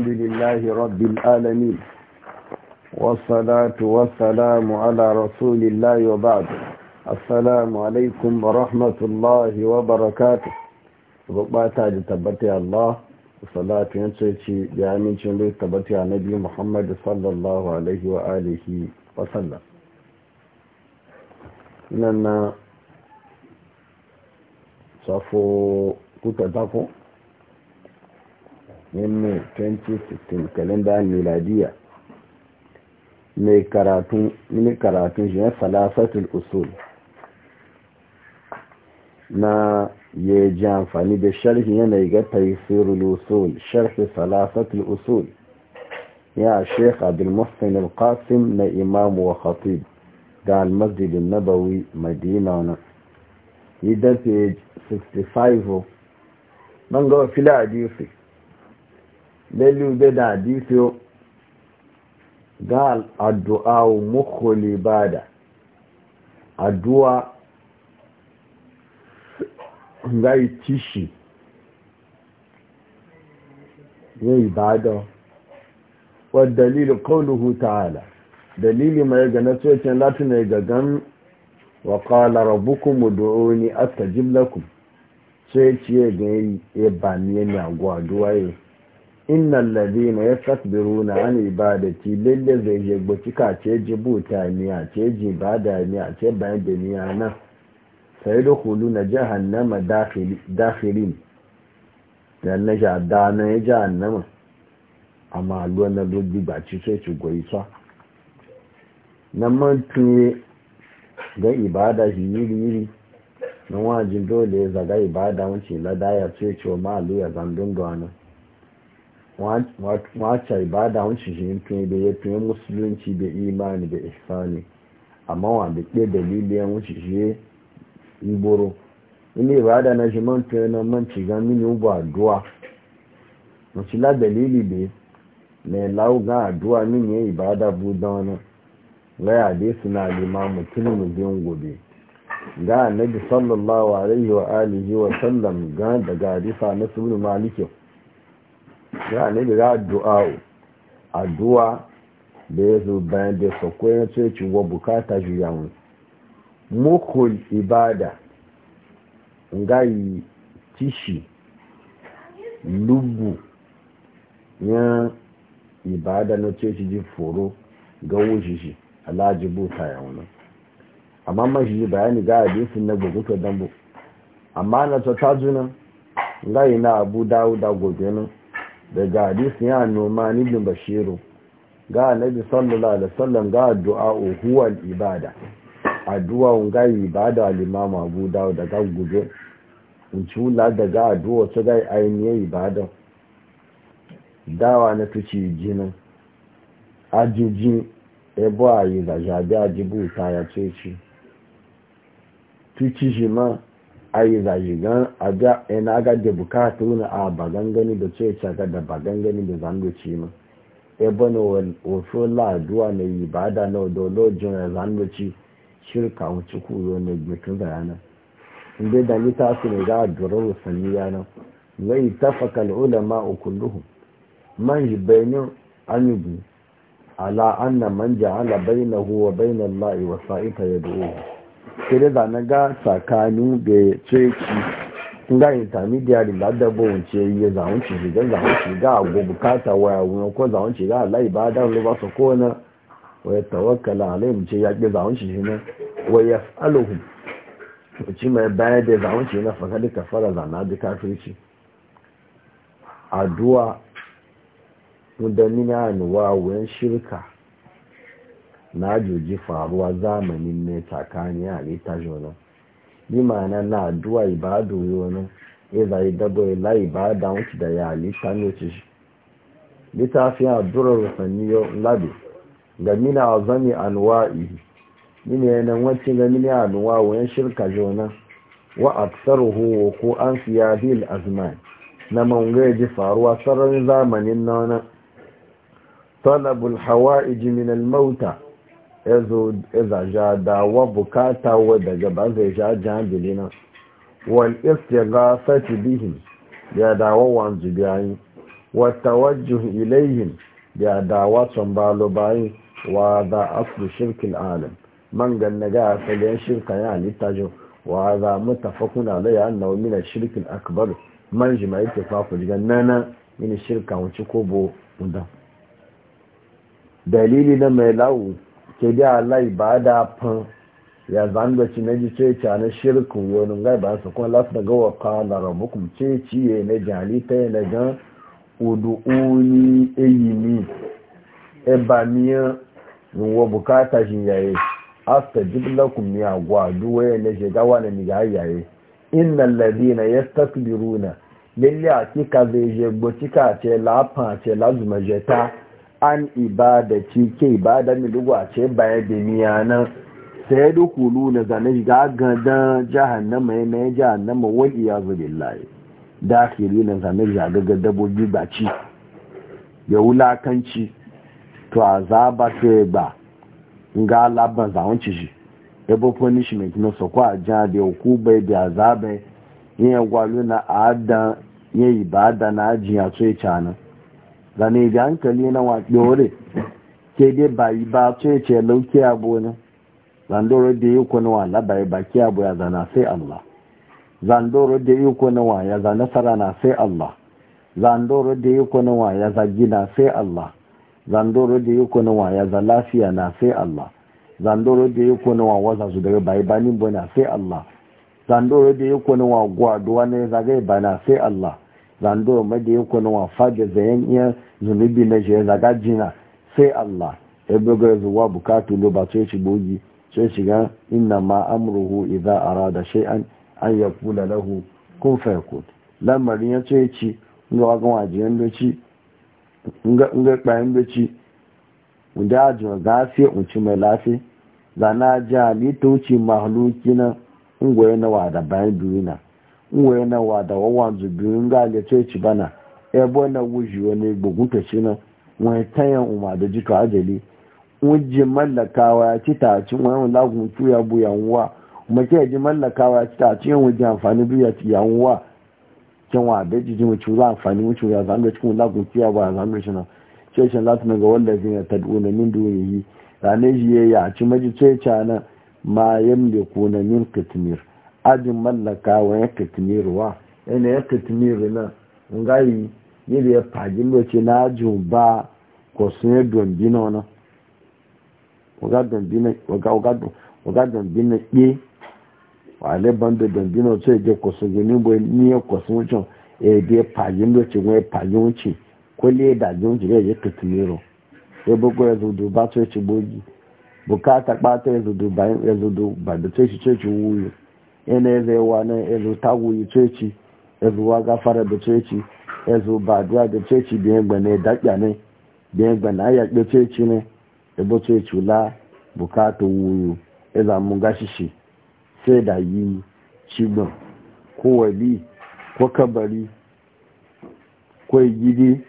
الحمد لله رب العالمين والصلاة والسلام على رسول الله وبعد السلام عليكم ورحمة الله وبركاته ربما تبتي الله والصلاة ينسيتي بأمين شنو تبتي على نبي محمد صلى الله عليه وآله وسلم لأن صفو كتبتكم in may 2016 kalendar miladiya mai karatun karatun shi na falafatul usul na ya ji amfani da sharhi yanayi ga taifirul usul sharhi falafatul usul ya sheikh abdulmuhsin al-qasim na imamu wa khatib da almasjidin nabawi madina wani da page 65 ban gaba a lalle ube da hadisiyo ga addu'a muku libada addu'a ga yi ya yi bada wadda dalilin tààlà ta'ala dalili mai ga na tsocin latin ya gagan wa kala rabukun mu do'oni aska jimlakun sai ciye ga ya ba ni ya ne agwa inna ladina ya tasbiru na an ibadati lalle zai je ka ce ji buta a ce ji bada a ce bayan da niya na sai da hulu na jahannama dafirin da na ja dana ya jahannama amma aluwa na lobbi ba ci sai ci goyi sa na mantuye ga ibada shi yiri yiri na wajin dole ya zaga ibada wancin ladaya sai ce wa ma aluwa zandun da anan. wace ibada wancin shi yankin da ya fiye musulunci da imani da ihsani amma wa da ke dalilin wancin shi iboro ina ibada na shi man fiye na man mini ugbo aduwa wace la dalili ne mai lauga aduwa mini ya ibada buda wani gaya dai suna na tuni mu biyan gobe ga annabi sallallahu alaihi wa alihi wa sallam ga daga hadisa na sunu malikin ya ne ga addu'a addu'a da ya zo bayan da sakwai na ceci wa bukata juyawun mukul ibada ngayi tishi lubu ya ibada na ceci ji foro ga wujiji alhaji buta ya wani amma mashi bayani ga hadisin na gugutu dambu amma na ta tajunan ngayi na abu dawuda gobe nan daga hadisi ya noma nibin bashiru ga annabi sallallahu alaihi wasallam ga addu'a huwa al-ibada addu'a ga ibada al-imam Abu Dawud daga guje in ci la daga addu'a su ga ainihin ibada dawa na tuci jinin ajiji ebo ayi da jabi ajibu ta ya ce ci tuci jima ai yi aga ina ga da bukatu na a ba gani da ce ce ga da ba gani da zan ma ebe na wofo laduwa na ibada na odolojin na zan ci shirka wuce kuro na gbekin da yana inda da ni ta su ne ga durar wasanni yana zai tafaka ulama ukulluhu man yi bayanin anibu ala anna man ja'ala bainahu wa bainal la'i wa sa'ita yad'uhu kere da na ga tsakanin da tsoyeci nga da ladabo wuce yi zawon ci shiga zawon ci ga agwo bukata waya wuyan ko zawon ci ga Allah ibada wani ba su ko na ya tawakkala alai mu ce ya ke zawon ci shi na waya aluhu wuce mai bayar da zawon ci na fasali ka fara zana da kafirci addu'a mudanni na anuwa wuyan shirka na juji faruwa zamanin ne tsakani a lita jona bi ma'ana na addu'a ibadu yona e ya zai dabo ila e ibada wuce da ya lita ne ci shi littafin rufanni yau labi ga mina a zami anwa'i mini yana wacce ga mini anuwa wayan shirka jona wa huwa ko an fiya bil azman na ji faruwa tsarin zamanin nana talabul hawa'ij min al-mauta ezaja da wa bukata wa daga ba zai ja jambili nan wal istighasa bihim ya dawo wanzu bayan wa tawajjuh ilayhim ya dawa son balo bayi wa za aslu shirkin alam man ganna ga asalin shirka ya littajo wa za mutafakun alayya annahu min ashirkil akbar man jima'i tafafu digan nana yin shirka wuce ko bo dalili na mai lawu ke da Allah ba da fan ya zan da ci na ji ce ta na wani ngai ba su kuma lafi daga wa kala rabukum ce ye na jali ta yi na gan udu'uni eyini ebamiya wa bukata shi yaye asta jiblakum ya gwa ne na shiga wani ni yaye innal ladina yastakbiruna lalle a ka zai je gbo kika ce lafa ce lazuma jeta an ibadaci ke ibada mi lugwa ce baya da miya nan sai da kulu na zane ga gadan jahannama ya mai jahannama wani ya zubi layi dakiri na zane shiga gaga dabobi ba ci ya wulakanci to a zaba sai ba ga laban zawon ci shi ya bo punishment na sokwa a jihar da ya kubai da azabai yin gwalo na adan yin ibada na ajiya to ya canan zane ga hankali na waɗore ke dai bayi ba ce ce lauki abu ne zandoro da yi kuna wa labai baki abu ya zana sai Allah zandoro da yi kuna wa ya zana na sai Allah zandoro da yi kuna wa ya zagi na sai Allah zandoro da yi kuna wa ya za lafiya na sai Allah zandoro da yi kuna wa wasa su daga bayi bani bu na sai Allah zandoro da yi kuna wa gwaduwa ne zagai ba na sai Allah zando madiyin ku na wafa da e zayen iya zunubi na shi zaga jina sai Allah ya e buga e zuwa bukatu lo ba sai bogi sai shiga inna ma amruhu idza arada shay'an an yaqula lahu kun fayakun lamarin ya ce ci ga wagan wajiyan doci nga nga bayan doci wanda ajin gafe unci mai lafi zana jali to ci mahlukina ngwaye na wada bayan duniya nwe e e na wa da biyu zubin ga ga ci bana ebo na wuji wani gbogun ta ci na wani tayan umar da jito ajali wujin mallakawa ya ci ta ci wani lagun tuya bu yanwa kuma ke ji mallakawa ya ci ta ci yan wuji amfani biya ci yanwa kyan wa da jijin wuce za amfani wuce ya zan da cikin lagun tuya ba zan zama shi na shi lati na ga wanda zai ya taɗo na min duniyi ranar shi ya ci maji ci na ma yam ko na min kitmir ajin mallaka wa ya katimiruwa yana ya na ngayi yadda ya fagin lokaci na ajụ ba ko sun yi dombina wani waga dombina ɗe wale bando dombina so je e bi fagin lokaci wa ya fagin wuce ko le da jin wuce ya na-eze zai na ezu tagwuyi ceci ezu waga fara da ceci ezu baduwa da ceci biyan gbane dakya ne na gbane ayakpe ceci ne ebo ceci la bukatu wuyu eza mun sai da yi cigbon ko wali ko kabari ko gidi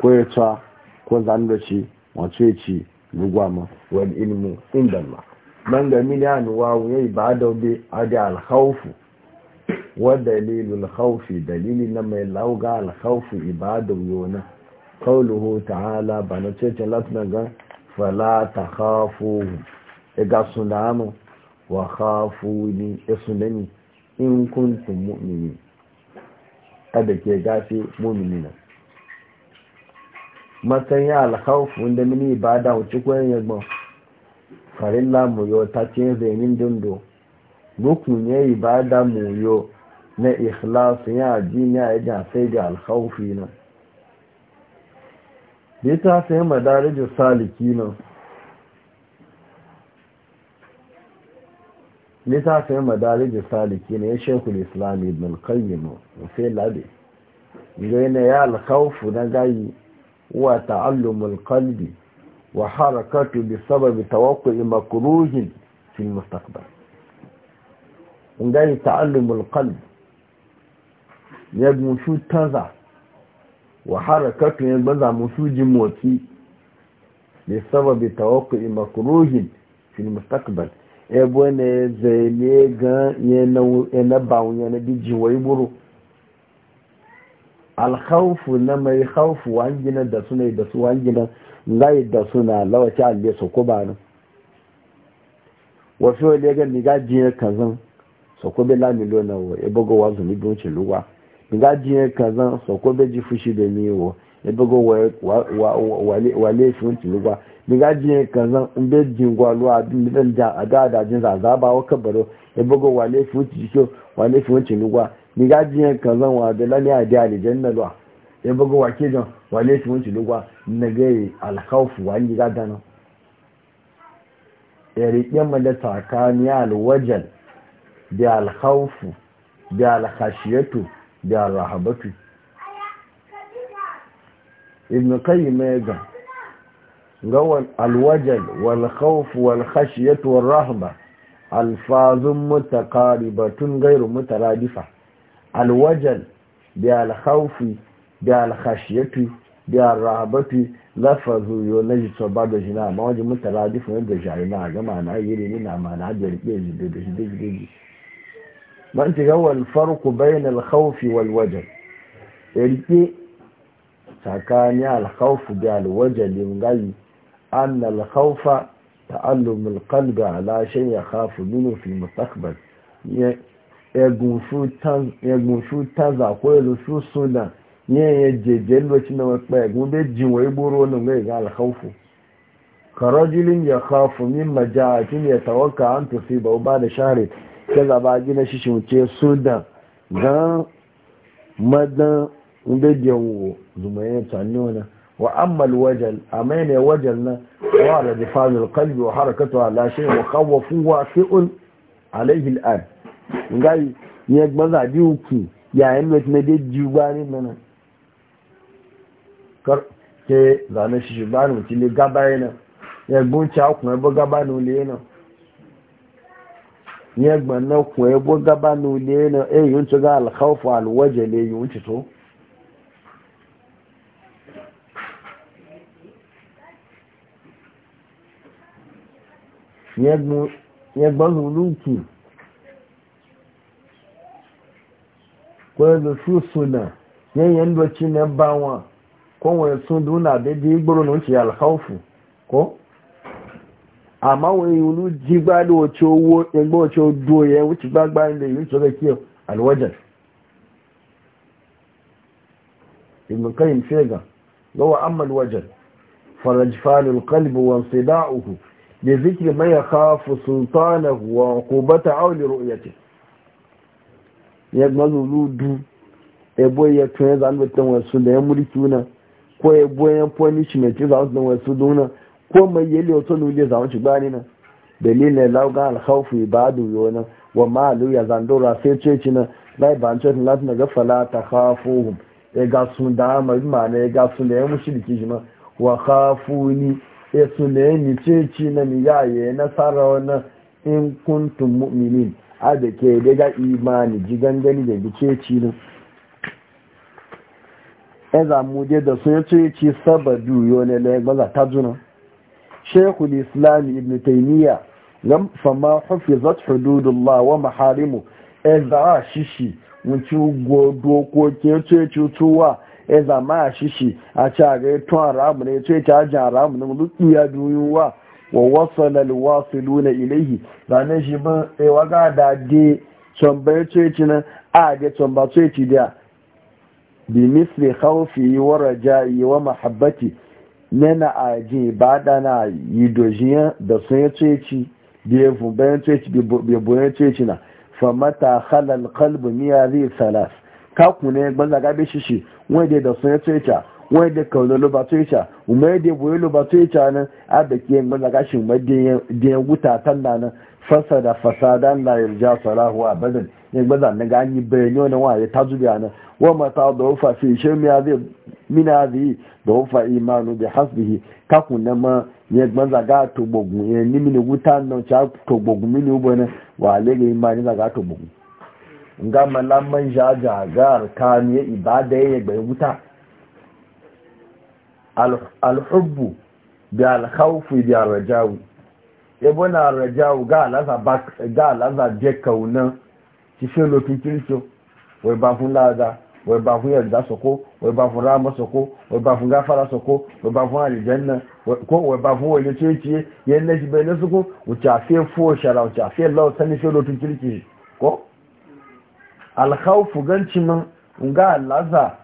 ko echa ko zandoci wace ci lugwama wani ilimin man ga mini anuwa wuya ba da obe ada alhaufu wadda dalilul haufi dalili na mai lauga alhaufu ibada yona kauluhu ta'ala ba na cece latin ga fala ta hafu ga sunamu wa hafu ni isunani in kuntum mu'mini kada ke gafe mu'minina matsayin alhaufu da mini ibada wuce kwayan yagbon farilla mu yo ta ce zemin dindo rukun ya ibada mu yo na ikhlasu ya ji ya ga sai ga alkhawfi na bita ta sai madarijin saliki nan littafin madarijin saliki na ya shekul islam ibn qayyim sai labe na ya alkhawfu na gayi wa ta'allumul qalbi wa harakatu bi sababi tawakkul makruhin fil mustaqbal ngai ta'allumul qalb yagmu shu taza wa harakatu yagbaza musuji motsi bi sababi tawakkul makruhin fil mustaqbal ebo ne yana e bawo yana bijin wai buru Alhaufu na mai khawfu wangina da sunai da su wangina ngai da suna lawaci alle su kuba ne wasu wale ga ni ga jiye kazan so ko be la milona wo e bogo wa zuni bi onche luwa ni ga jiye kazan so ko ji fushi be mi wo e bogo wa wa wale wale shi onche luwa ni ga jiye kazan in be jingwa luwa bi mi dan da ada da jin za za ba e wa kabaro e bogo wale shi onche shi wale shi onche luwa ni ga jiye kazan wa be la ni ade alijanna luwa ya bugu wake jan wale shi wanci lugwa na gaye alkhawfu wani ga dana ya riƙe mu da takani alwajal da alkhawfu da alkhashiyatu da alrahabatu ibn kai ya ga gawan alwajal wal khawf wal khashiyatu wal rahba alfazun mutaqaribatun ghayru mutaradifa alwajal da alkhawfi da alhashiyatu da alrahabatu lafazu yo na ji tsoba da jina amma wajen mutala difin da jari na gama na yiri ni na ma na da rike ji da shi da ji man ci ga wal farqu bayna al khawf wal wajal rike tsakanin al khawf da al wajal ngai an al khawfa ta'allum al qalbi ala shay yakhafu fi mustaqbal egun su tan egun su tan za su sunan nye jeje lokaci na makpa egun da jin wai buru wannan mai ga alkhawfu karajulin ya khafu min majaatin ya tawakka an tusiba ba da shari ke zaba gina shi shi mutse sudan dan madan inda jewo zumaye tanona wa amma alwajal amma ne wajal na wa la difazul qalbi wa harakatu ala shay mukhawfu wa fi'un alayhi al'an ngai ni egbaza diuki ya emet me de ni mena kar ke zane shi shi gaba yana tí a kùn ẹbọ gaba ní olè yana ní ẹgbọn náà kùn ẹbọ gaba ní olè yana èyí ń tó ga alkhaufu alwajẹ lè yìí ti tó ní ẹgbọn hulunki kọ́ kowai sun duna daidai gboro na wuce alhaufu ko amma wani yulu ji gbada wace owo egbe wace odo ya wuce gbagba inda yi wuce zaki alwajar ibn kayyim shega gawa ammal wajar farajfanul qalbi wa sida'uhu bi zikri man yakhafu sultanahu wa uqubata aw li ru'yati ya gbazu du ebo ya tun ya zanu tan wasu da ya mulki wannan ko ya boyan mai ya zaunci don wasu duna ko mai yi wato nule zawo zaunci gbani na dalilin lauga alkhawfu duyo yona wa malu ya zandora sai ce ci na lai ban ce lati na daga fala ta hun ya e ga sun da mai mana ya e ga sun da ya mushriki jima wa ni ya e sun ne ni ce ci na ni ya yi nasara wannan in kuntun mu'minin a da ke daga imani jigangani da bice ci na eza muje da sun biyu ci sabadu yone la gbaza tajuna shaykhul islam ibn taymiya lam fama hufizat hududullah wa maharimu a shishi mun ci godo ko ke ce cutuwa eza ma shishi a ci a gai tun haramu ne ce ci ajin haramu ne mutu ya duyuwa wa wasala alwasiluna ilayhi zane shi ban ewa ga da de can bai ce ci nan a de can ba ce ci da bi misli khawfi wa raja'i wa mahabbati nena aji badana na yidojiya da sun ya ceci da ya bayan ceci da bayan na fa mata khalal qalbu miya zai salas ka kune gbanza ga bi shishi wanda da sun ya ceci wani da lo ba to yaca umar da boye ba to yaca nan a da ke yin mazaka shi da ya wuta tan nan fasada fasada na yarja salahu a bazin ya gbaza na ga ni yi bayani wani wa ya tazu ومتى ضعف في شيء من هذه ضعف إيمان بحسبه ككنما يجمع زكاة تبغم يعني من وطن نشاط تبغم من يبون وعليه إيمان زكاة تبغم nga malaman jaja ga arkani ya ibada ya bai wuta alhubbu da alhaufu da rajawu ibuna rajawu ga alaza ga alaza je kauna ti se lo tuntun we ba fun lada wai ba ku yarda soko wai ba ku rama soko wai ba ku gafara soko wai ba ku aljanna ko wai ba ku wani cece yan na shi bai na wuce fe fo shara wuce fe law sani fe lotun kirki ko alkhawfu ganci nga alaza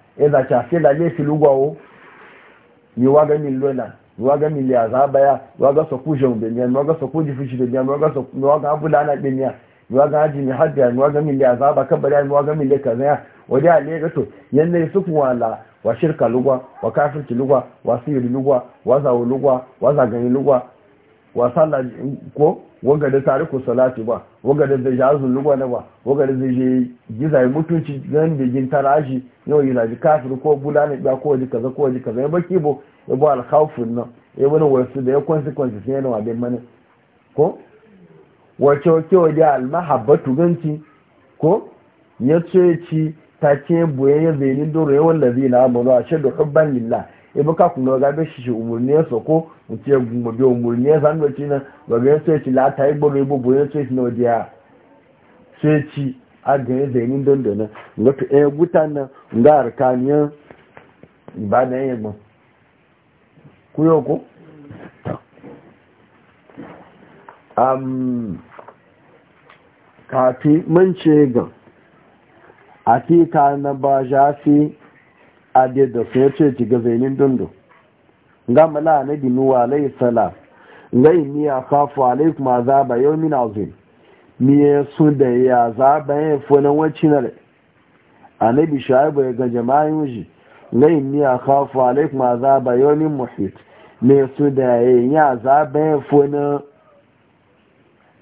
ruwa ga haji mai hajji ruwa ga mille azaba kabari ruwa ga mille kaza ya waje a ne to? yanne su kuwa la wa shirka lugwa wa kafirci lugwa wa siri lugwa wa zawo lugwa wa zagani lugwa wa sallah ko waga da tariku salati ba waga da da jazun lugwa na ba waga da zai gizai mutunci gan bigin taraji yau yana laji kafir ko bulani ba ko ji kaza ko ji kaza ya baki bo ya bo alkhawfin nan ya wani wasu da ya consequences ne na wa bin mani ko wace kewa da almahabbatu ganci ko ya ce ci ta ce buye ya zai doro yawan lazi na amuru a shaidu hubban lilla ibi e ka kuma ga bai shi shi umurni ya soko mutu ce gumba bi umurni ya san doci na gaba ya ce ci lata yi gbogbo ibo boyayya ce ci na waje ya ce ci a zai nin don na ga ta ɗaya guta na ga arkaniyan ba da yan yamma ku yau ko kafi mance ga akika na ba jafi ade da su yace ci ga zainin dundu ga mala na dinu wa lai salam ngai ni ya kafu alaikum yau yawmin azim ni su da ya azaba ya fona na ne annabi shaibu ya ga jama'in wuji lai ni ya kafu yau azaba yawmin muhit ne su da ya yi ya gama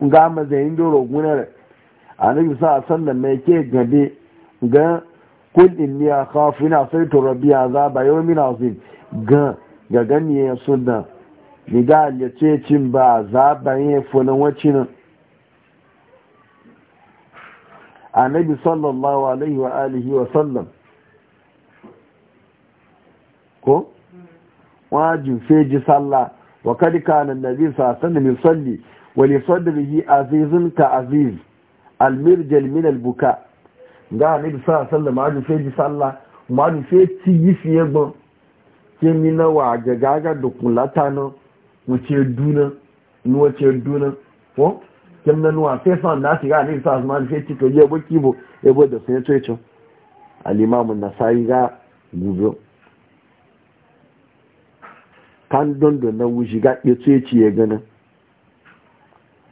ga mazayin doro gunar annabi sa sallan ne ke gabe ga kul inni ya khafu ina saitu rabbi azaba yawmin azim ga ga gani ya sunna ni ga ya ce cin ba azaba ne funan wacin annabi sallallahu alaihi wa alihi wa sallam ko wajin feji sallah wa kad kana annabi sa sallan yusalli wa li sadrihi azizun ka aziz almirjal min albuka ga ni bi sa sallah ma du feji sallah ma du fe ti yi fi egbon ke mi na wa gaga ga dokun latano mu ce duna nu wa ce duna ko kem na nuwa fe san na ti ga ni bi sa ma du fe ti to je bo kibo da sun to echo al imam an-nasai ga gubo kan don don na wuji ga eto echi e gana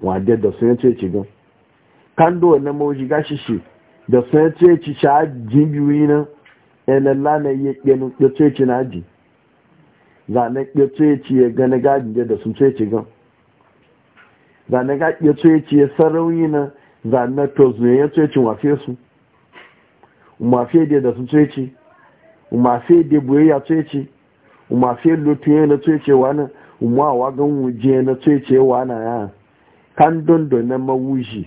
wa da sun to echi gan kando na mawuji gashi shi da sun ya ce ci shi aji biyu yi nan elalla na iya ƙenu ya ce ci na aji zane ya ce ci ya gani gajin da sun ce ci gan zane ga ya ce ci ya sarauni na zane to zuwa ya ce ci wafe su umafe da da sun ce ci umafe da buye ya ce ci umafe lotu ya na ce ce wani umawa gan wuje na ce ce wani ya kan dondo na mawuji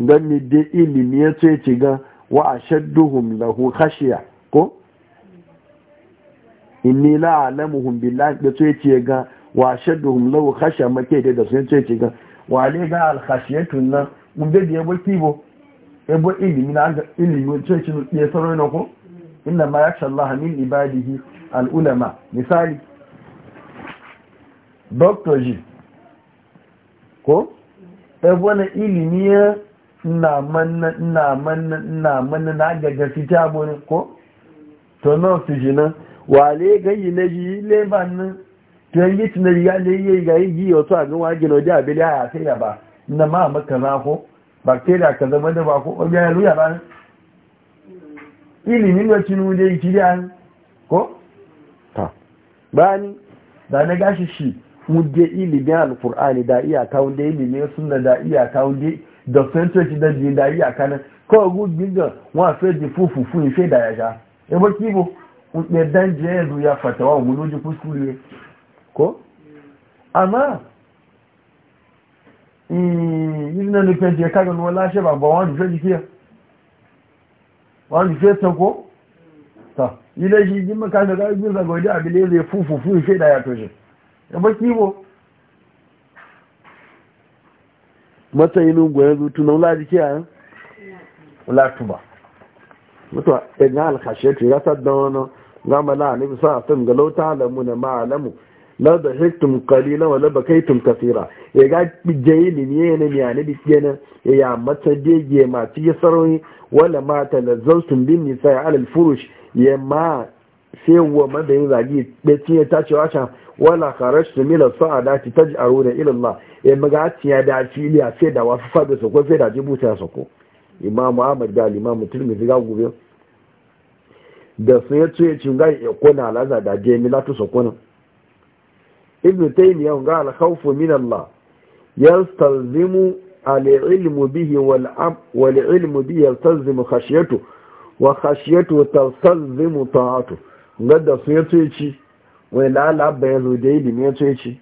don ni dai ilimi ya ce ci gan wa a shadduhum lahu khashiya ko inni la alamuhum billahi da ce ci gan wa a shadduhum lahu khashiya make dai da sun ce ci gan wa ne ga al khashiyatun nan mun dai da yabo kibo yabo ilimi na ga ilimi ce ci ya sarai na ko inna ma yakhsha Allah min ibadihi al ulama misali doctor ji ko ɗan wani ilimi ya ina manna ina manna ina manna na gaga fita bonin ko to na su shi nan wale gayi na yi leban nan to yi ci na riga ne yi gayi yi wato a gawa gina wajen abili a yasai da ba na ma maka na ko bakteriya ka zama da ba ko obiya ya luya ba ilimin da cinu da yi kiriya ko ta bani da na gashi shi je ilimin alkur'ani da iyaka wunde ilimin sunna da iyaka wunde dọ̀tún tó ti dọ̀dì a àkánná kọ́ ọgún gbígbọ̀n wọn àfẹ́ di fún ìfẹ́ ìdàyàjá ebo kí ibo ń pẹ dáńjẹ́ ẹ̀rù ya fàtàwà òun lójú kú sí rẹ̀ kó àmọ́ ìrìnà ní pẹ̀jẹ̀ kájọ ni wọ́n láṣẹ́ bàbá wọn lè fẹ́ di kí ẹ wọn lè fẹ́ tán kó ilé yìí jí mọ́ kájọ kájọ gbé ìfẹ́ fúfù fún da ya ebo kí ibo matsayin ya zutu eh? e na wula jiki a wula ba mutu ɗan alkashe ta ya sadda wani gama na anabi sa sun ga lauta alamu na ma'alamu na da hiktum e na wala ba kai tum kasira ya ga jayi ne ne mai anabi kenan ya ya mata dege ma fiye sarari wala ma ta zautun bin nisa ya alal furush ya ma sai wa madayin zagi ɗaya ta cewa can wala kharashtu mila sa'adati taj'aruna ila ilallah ya maga tiya da fili a sai da wasu fada su ko sai da ta su ko imam ahmad da imam tirmidhi ga gobe da su ya ce cin ga ya kona alaza da la milatu su kona ibn taymiyyah ga al khawf min allah yastalzimu al ilm bihi wal am wal ilm bihi yastalzimu khashiyatu wa khashiyatu tastalzimu ta'atu ga da su ya ce ci wai la la bayan zo da ilimi ya ce ci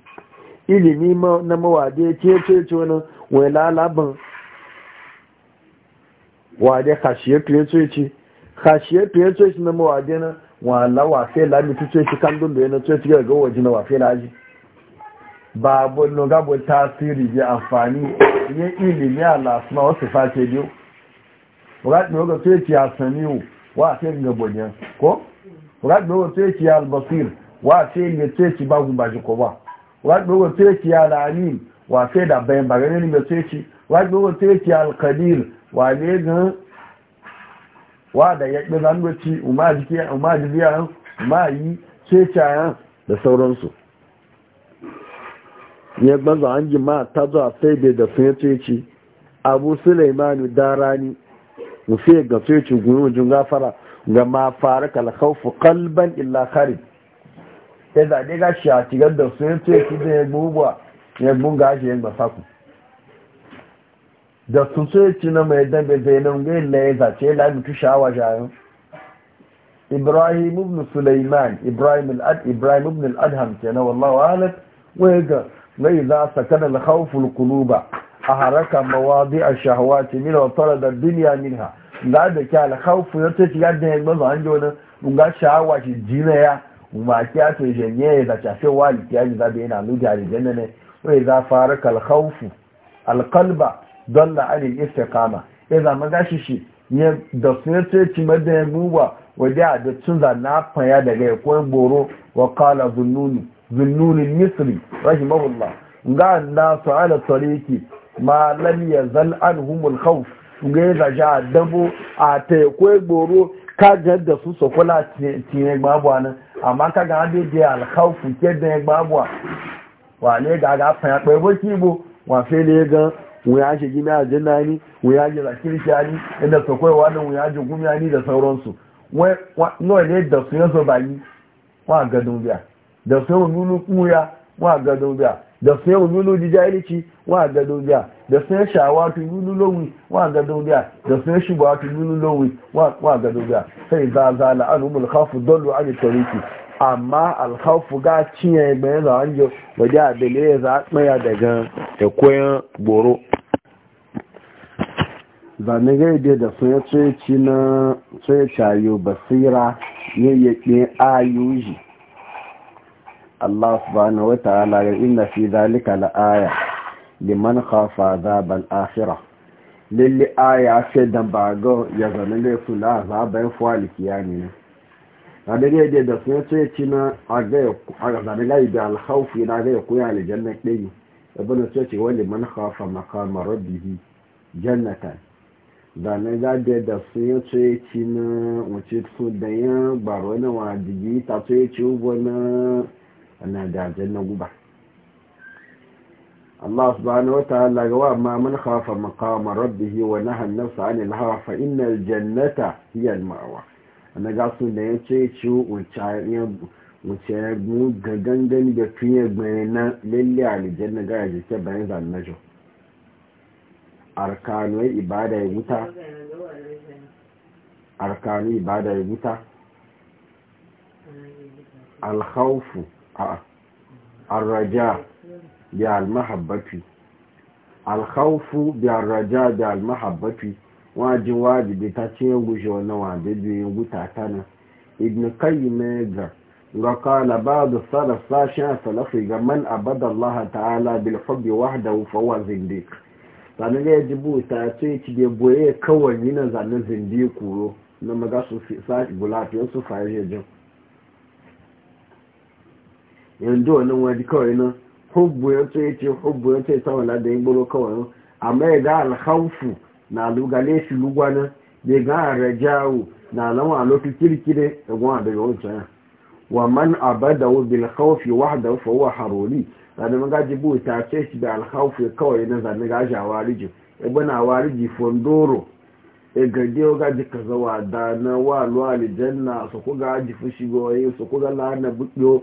ilimi na mawade ce ce ce wani wai lalaban wade kashiyar tuye ce kashiyar tuye ce na mawade na wala wafe lami tu ce kan dundu yana ce ce ga waje na wafe laji ba bonno ga bo tasiri ji amfani ne ilimi a asma wasu fashe biyu ga ga ce ce ya saniu wa ce ga bonya ko ga ga ce ce ya albasir wa ce ne ce ce ba gun ko ba wagbogo teki alalim wa fe da bayan bagare ni be teki wagbogo teki alqadir wa le gan wa da ya gbe zan doci umma jiki umma jibiya da sauransu ya gbanza an jima ta zuwa sai bai da sun teki abu sulaimanu darani mu sai ga teki gunun jun gafara ga ma faraka alkhawfu kalban illa kharib ya zaɗe gashi a cigar da su yanzu ya cikin ya gbogbo ya gbunga shi ya gbasa ku da su su ya ci na mai dambe zai nan gai na ya zace ya lamitu sha'awa shayin ibrahim ibn suleiman ibrahim al'ad ibrahim ibn al'adham ke na wallawa halat wai ga mai za sa kada na hauful kuluba a haraka mawadi a shahawa ce mina wa tara da duniya minha ga da kyala haufu ya ta shiga da ya gbaza an ji wani ga sha'awa shi jina ya ma kiya to jenye da chafe wali kiya ni zabe yana lu da janna ne wai za fara kal khawfu al qalba dalla alil istiqama idza magashi shi ne da sunce ci madan guba wadda da tun za e na faya daga ko boro wa qala zununi zunnuni misri rahimahullah ga na su ala tariki ma lam zal anhum al khawf ga e za ja dabo a ta ko boro ka ga da su sokola tine anan amma ka ga abin da alkhawfu ke da gbabuwa wa ne ga ga fa pe bo ki bo wa gan ya shi gina ajina ni wuya ya ji zakirci ani inda to koi wannan ya ji da sauransu wai ne da su wa da su nunu kuya biya da sun shawa tu lulu lawi wa ga dodiya da sun shiba tu lulu lawi wa ga dodiya sai za la anumul khafu dallu an tariki amma alkhawfu ga cinye bayan za an jo waje a bele za daga da koyan goro zane gaide da sun ya tsoyaci na tsoyacayo basira yayyake ayuji Allah subhanahu wa ta'ala ga inna fi zalika la'aya liman khafa azabal akhirah lalle aya ce da ba ga ya zana laifu na azaban fuwali kiyami ne a dare da da sun ce ci na a zane layi da alhaufi na ga ya le aljanna ɗaya ibn ce ce wani man hafa makama rabbihi jannatan zane ga da da sun ce ci na wace su da yan baro na wa digi ta ce ci wani na da aljanna guba Allah subhanahu wa ta'ala ga wa amma man khafa maqama rabbih wa naha an-nafsa 'anil hawa fa innal jannata hiya al-ma'wa ana ga su da yace ci ucayen wuce mu ga gangan da fiye gbaye na lalle aljanna ga yaje bayan zannajo arkanu ibada ya wuta arkanu ibada ya da almahabbati alkhawfu bi raja da almahabbati waji wajibi ta ce yin gushe wani wanda biyun guta na ibn kayyim ga ga kala ba da salaf sashen salafi ga man abadallah ta'ala bil hubbi wahda fa huwa zindiq sanin ya ji ta ce ci da boye kawai ni na zanen zindiq kuro na maga su sa bulafiyar su fayar jin yanzu wani waje kawai na. hubu ya ce ce hubbu ya ce sawala da yin buru kawai amma ya ga alhaufu na lugale shi lugwanin da ga rajawu na lawa a lokacin kirkire da gwa daga wancan ya wa man abada wa bil khawfi wahda fa huwa haruri dan mun gaji bu ta ce shi da alhaufu kawai na zan ga jawariji ibn e awariji fondoro e gade o gaji kazawa da na wa aljanna su ku gaji fushi goyi su ku ga lana buɗo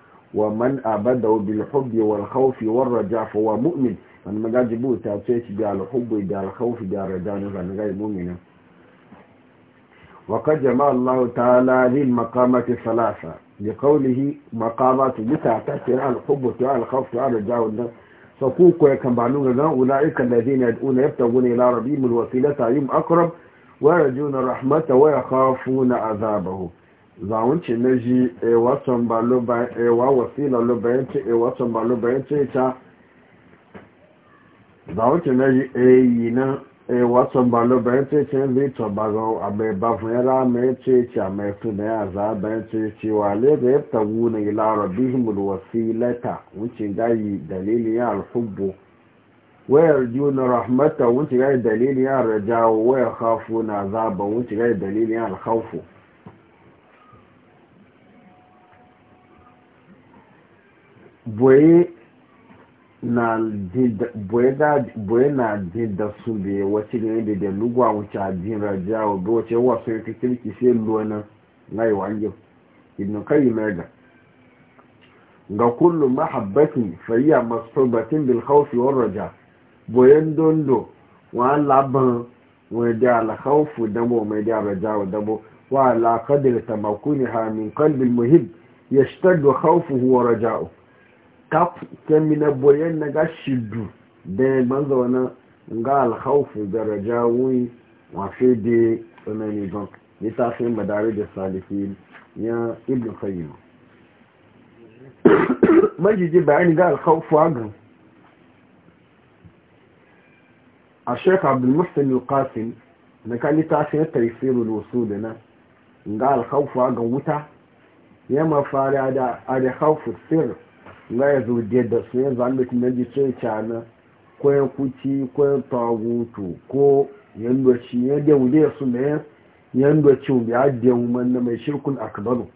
ومن أبده بالحب والخوف والرجاء فهو مؤمن أنا ما قاعد جبوه تابسيش قال الحب قال الخوف قال الرجاء فأنا قاعد مؤمن وقد جمع الله تعالى للمقامات الثلاثة لقوله مقامات متعتك على الحب وعلى الخوف وعلى الرجاء فقوكوا يكمبعنون أولئك الذين يدعون يبتغون إلى ربهم الوسيلة أيهم أقرب ويرجون الرحمة ويخافون عذابه zawunci na ji ewa e, wasila lubayanci e, e, ewa tamba lubayanci ta zawunci na ji eyi na ewa tamba lubayanci ce zai tamba zan abai ba fun yara mai ce ce a mai su da ya za bayanci cewa lega ya tagu na ilara bihimul wasilata wuce gayi dalilin ya alhubbo wayar juna rahmata wuce gayi dalilin ya rajawo wayar hafu na zaba wuce gayi dalilin ya alhaufu boye na jin da su da ya wace ne da da lugwa wuce a jin rajawa da wace yawa sun yi kirki sai luwanan laiwa yau ibn kai merga ga kullum mahabbatin fariya masturbatin bil khawfi wal raja boyen dondo wa laban wa da al da mai da rajawa da mo wa la qadr tamakuni ha min qalbi al muhib yashtaddu khawfuhu wa raja'uhu kaf kemina boyen na ga shidu da ya banza wani ga alhaufu da rajawun wafe da tsanani ban littafin madari da salihin ya ibn qayyim majiji bayani ga alhaufu agan a sheik abdulmuhsin al-qasim na kan littafin taifirul wasu da na ga alhaufu agan wuta ya mafari da alhaufu sirri nga ya zo da da su yanzu an mutum nan ji sai cana ko ya kuci ko ya tagutu ko yanda shi ya da wule su ne yanda ci ya adde umman na mai shirkun akbaru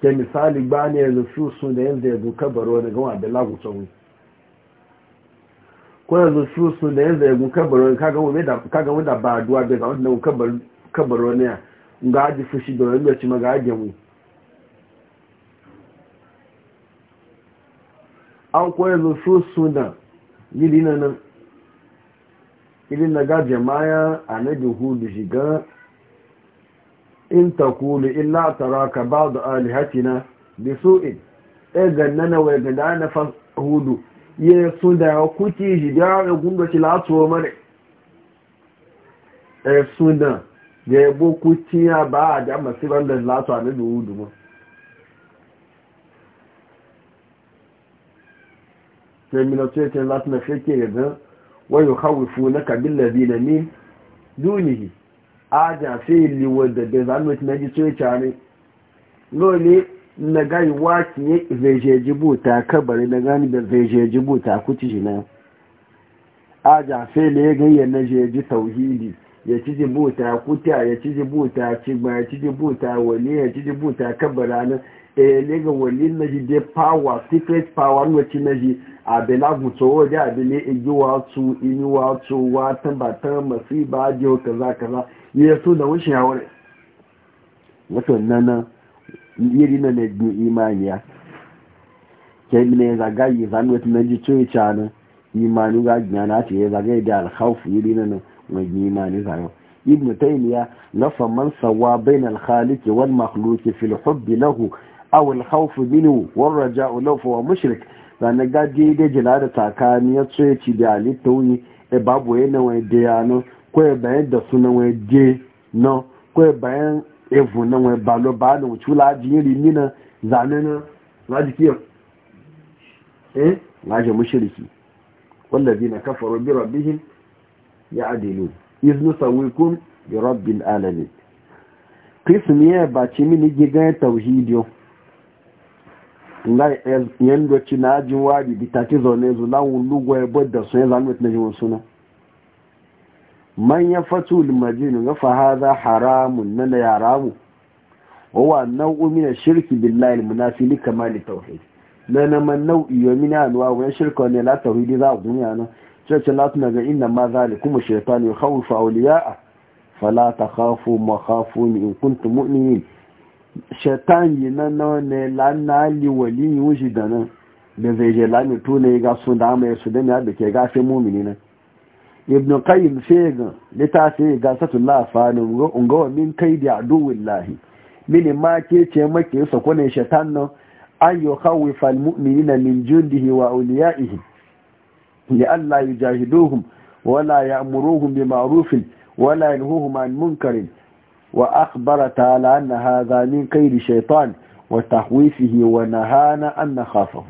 ke misali ba ne yanzu su su da yanzu ya duka baro ne ga wanda lagu tsawo ko yanzu su su da yanzu ya duka baro ne kaga wanda da wanda ba duwa da wanda kabar kabaro ne ga ji fushi da wani yanda ci ga adde mu an koyar da su suna yiri na nan irin na ga jama'a a na hudu shiga in ta kulu illa tara ka ba da alihatina da su'in e ganna na wai gada na fa hudu ya su da kuki shiga ya gunga shi latuwa mara e suna da ya bo kuki ya ba a jama'a siran da latuwa na hudu ma sai mina sai ta za na ya zan wani hawifu na kabila zina ne dunihi aja sai liwar da da zanuwa na ji sai care lole na gai waki ya vejeji buta kabari na gani da vejeji buta kuci shi na aja sai le ganye na ji tauhidi ya ci jibuta kuta ya ci jibuta cigba ya ci jibuta wani ya ci jibuta kabarana lega wali na ji de pawa secret power no ci na ji abela gutso wa da abele igi wa su ini wa su wa tambatan masiba ji kaza kaza ya so da wushin ya wani wato nana yiri na ne du imaniya ke mi ne zaga yi zan wata na ji tsoye cana, na imani ga gina ce ya zaga yi da alhaufu yiri na na wani imani zayo ibn taymiya nafa man sawa bainal khaliqi wal makhluqi fil hubbi lahu aw al-khawf minhu war raja'u lahu fa mushrik dan ga jila da takani ya ce ci da alitoyi e babu yana wai da yano ko e bayan da sunan wai je no ko e bayan evu na wai balo balo chula jiri mina zanana laji kiyo eh laji mushriki والذين كفروا بربهم يعدلون إذ نسويكم برب العالمين قسم يا باتشمين جيغان توحيديو nga eh, yan doci na ajin wari bitati zaune zu lawun lugu ya bar da sun zanu na e suna man ya fatu limajin ga fa hada haramun nan ya haramu wa nau'u min shirki billahi munafili kama tauhid na man nau'i yo min anwa wa shirka ne la tauhidi za ku ya na cece la na ga inna ma zalikum shaytanu khawfa awliya'a fala takhafu ma khafuni in kuntum mu'minin shaitan yi nan na wane lanali wali yi wuce da nan da zai je lami tuna ya gasu da amma ya su da ya da ke gafe mumini nan ibn qayyim shega litafi gasatu la fani wa min kaidi wallahi min ma ke ce make sa kone shaitan nan an yukhawifa almu'minina min jundihi wa awliyaihi li alla yujahiduhum wala ya'muruhum bi ma'rufin wala yanhuhum an munkarin وأخبر تعالى أن هذا من كيد الشيطان وتخويفه ونهانا أن نخافه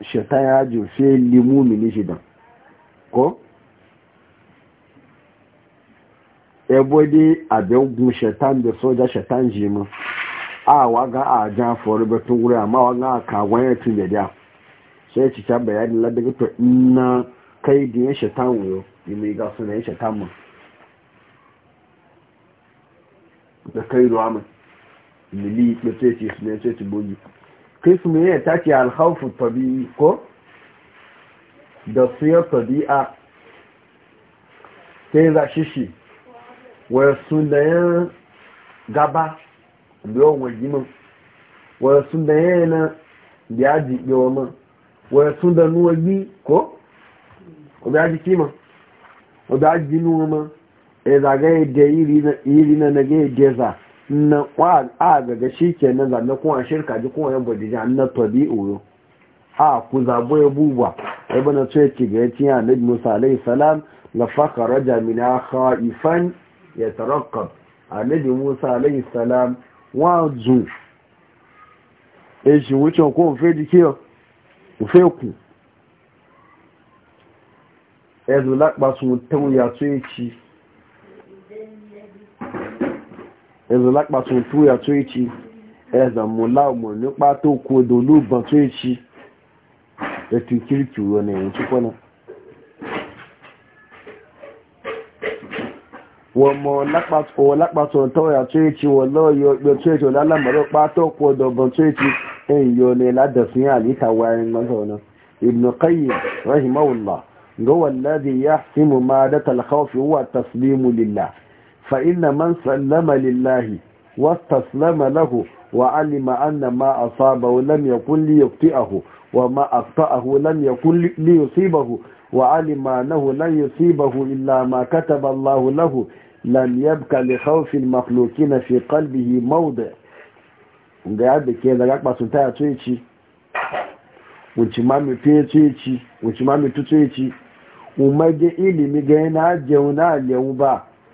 الشيطان يجب في لمؤمن جدا كو ebode abin shatan da soja shaitan jimin a ga a jan foribatun wuri amma waga a kawon ya tun yadda sai cikin bayanin ladaga to kai da ya shaitan wuyo yi mai gasu na ya shaitan na kai ruwamin mili na ceci su ne bogi kai su mai ta ce alhaufu tabi ko da tabi a sai za shi shi waya sunayen gaba biyan wajiman waya sunayen na ya jiɓe yawan man waya sunayen wajibi ko? ko da ji kima? ko da ji man e zaga yadda iri na na ga yadda za na a ga shi ke nan zanne kuma shirka ji kuma yan bodija na tobi uru a ku zabo ya buba ya bana so ya ci ga ya tiya na musa alayhi salam la faka raja min khaifan ya a na musa alayhi salam wa zu eji wucin ko fe jike kiyo fe ku ezu lakpa sun tauya so ya ci yanzu lakpa sun tuya to yaci ẹza mula umarni pato ko da luban to yaci da tukirki wani yanci kwana wọ́n mọ̀ lápàtọ̀ tó yé wọ́n lọ́yọ̀ ọgbẹ̀ tó yé tó yé ti ní náà rahimahullah ga wallazi yahsimu ma da فإن من سلم لله واستسلم له وعلم أن ما أصابه لم يكن ليخطئه وما أخطأه لم يكن ليصيبه وعلم أنه لن يصيبه إلا ما كتب الله له لم يبكى لخوف المخلوقين في قلبه موضع قاعد كده لك ما سنتها تويتشي wuce ma mai fiye ci wuce ma mai tuce ci umar ga ilimi ga yana jauna lewu ba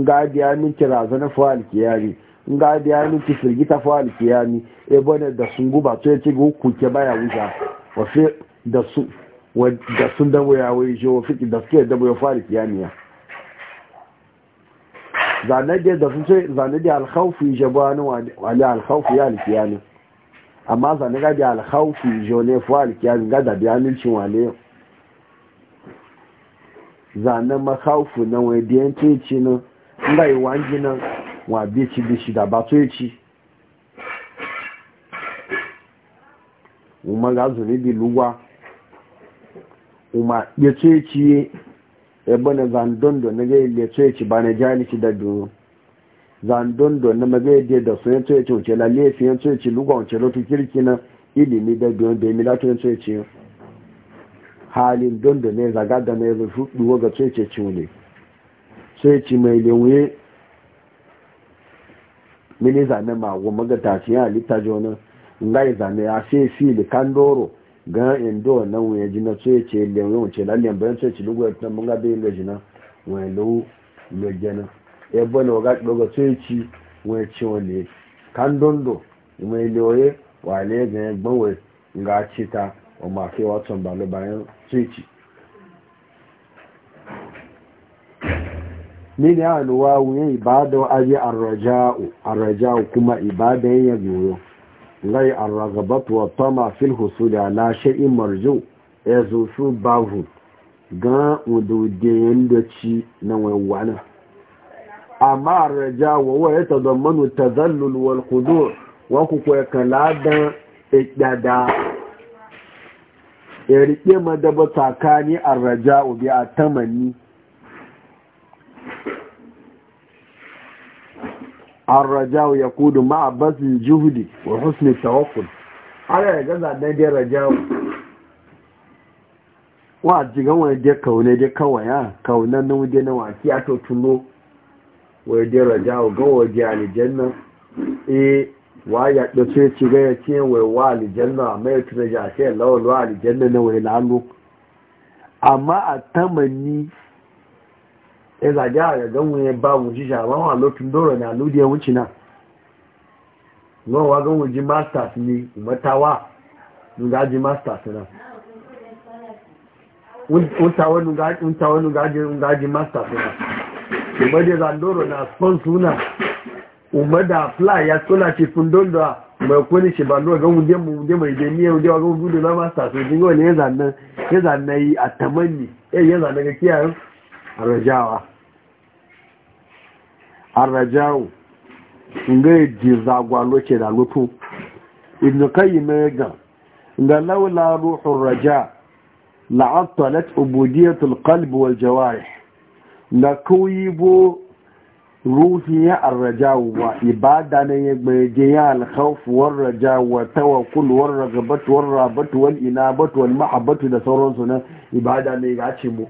nga biya min kira zana fo alkiyami nga biya min ki firgita fo alkiyami e bone da sungu ba to yace go kuke baya wuja wa fi da su wa da sun da waya wai e je wa fi da ske da waya fo alkiyami ya zane da sun ce zane da alkhawfi jabanu wa ala alkhawfi ya alkiyami amma zane ga da alkhawfi jone fo alkiyami ga da biya min cin wale zanen makawfu na wadiyan e ce ce na. nga yi wangi na wa bici bici da ba to yaci e ga zuri bi luwa umar ya to ebe na zandondo na ga ya to yaci ba na jani ci da duro zandondo na maga da su ya wuce lalle su ya luwa wuce lotu kirki na ilimi da da imi lato ya to halin dondo ne zaga da na ga to yaci sai ci mai lewe mini zane mago magatashi ya halitta jona ngai zane ya sai fili kandoro ga indo na wuya jina sai ce lewe wuce lalliyan bayan sai ci lugu ya tunan mun gabe yin jina wuya lewu lojena ebe na waga ɗoga sai ci wuya ci wale kandondo mai lewe wale ga ya gbanwe ga ci ta o ma kai watan balo bayan sai ci min ya alwawu ya ibada wa aji arraja'u arraja'u kuma ibada ya goyo lai arragabatu wa tama fil husuli ala shay'in marju ya zo su bahu gan ududiyen da ci na wawana amma arraja'u wa ya tadammanu tazallul wal kudu wa ku kwa kaladan ikdada ya rike madaba tsakani arraja'u bi tamani الرجاء يقود مع بذل الجهد وحسن التوكل على جزا دي رجاء wa jigan wani je kaune je kawaya kaunan nan waje na waki a to tuno waje je ga waje alijanna e eh, wa ya da ce ci ga ya ce wai wa alijanna mai tuna ja ce lawal wa alijanna na wai lalu amma a tamanni ya zage a ga ganwe ba mu ji shaban a lokacin doro na ludiyar wuce na nowa ganwe ji masters ne matawa nuga ji masters na untawa nuga ji masters na kuma da zandoro na sponsor suna umar da fly ya tsola ce fundon da mai kone shi ba nuwa ganwe je mu je mai jami'a wuje wa ganwe gudu na masters ne jingo ne ya zannan ya zannan yi a tamanni eh, ya zannan ga kiyayen a rajawa arajau nga jizagwa loke da lutu ibn qayyim ga ga laula ruhu raja la'attalat ubudiyatul qalb wal jawarih na kuyibo ruhi ya arrajawo wa ibada ne ya gbeje ya alkhawf war raja wa tawakkul war ragabat war rabat wal inabat wal mahabbat da sauransu na ibada ne ga ce mu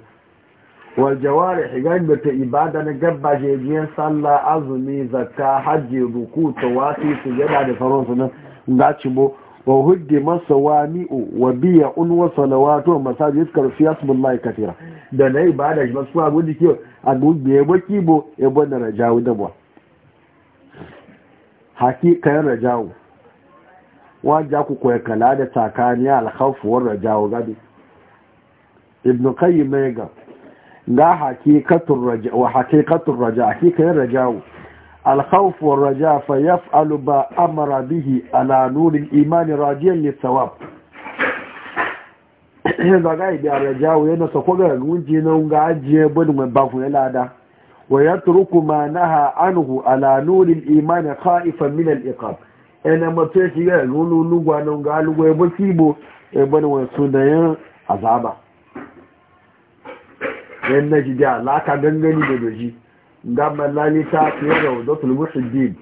waljawari higar da ta ibada na gabba jejiyar sallah azumi zakka hajji ruku tawafi su yada da sauransu nan da cibo wa huddi masa wami'u wa biya un wa salawatu masaji iskar fi asmullahi katira da na ibada shi masu abu da kiyo a gugbe ya baki bo ya na rajawu da ba hakikan rajawu wajen ku koya kala da tsakaniya alhafuwar rajawu gadi ibn qayyim ya ga haƙiƙatun raja haƙiƙayin Raja, alkhawf wa raja fa ya fi yaf'alu ba amara bihi ala nurin imani rajiyan lissawab da ga ibi a Raja, rajawo yana sako ga gunji na ga ajiye bin mai baku ya lada wa ya turku ma naha anhu ala nurin imani khaifan min al-iqab ina mutum shi ga lulu lugwa nan ga lugwa ya basibo ya bani wasu da yin azaba yan na ji da alaka gangani da doji ga mallani ta fiye da wadatul musuddin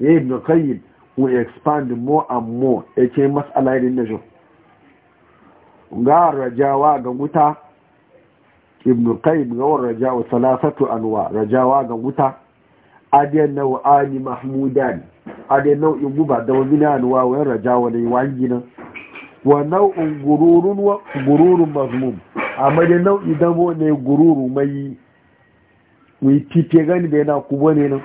ya yi da kai we expand more and more ya ce mas'ala irin na shi ga rajawa ga wuta ibn qayyim ga war rajawa salasatu anwa rajawa ga wuta adiyan nau'ani mahmudan adiyan nau'in guba da wani anwa 'yan rajawa ne wani ginan wa nau'in gururun wa gururun mazmum amma dai nau'i damo ne gururu mai mai tite gani da yana kubo ne nan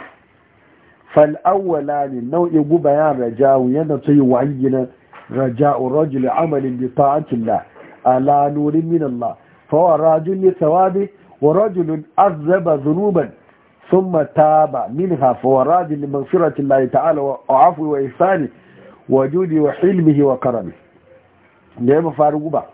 fal awwala ni nau'i guba ya raja'u yana ta yi wa'ayi raja'u rajul amalin bi ta'atillah ala nurin min Allah fa wa rajul li thawabi wa rajul azaba dhunuban Allah ta'ala wa afwi wa ihsani wa judi wa hilmihi wa وكرمه da ya mafaru guba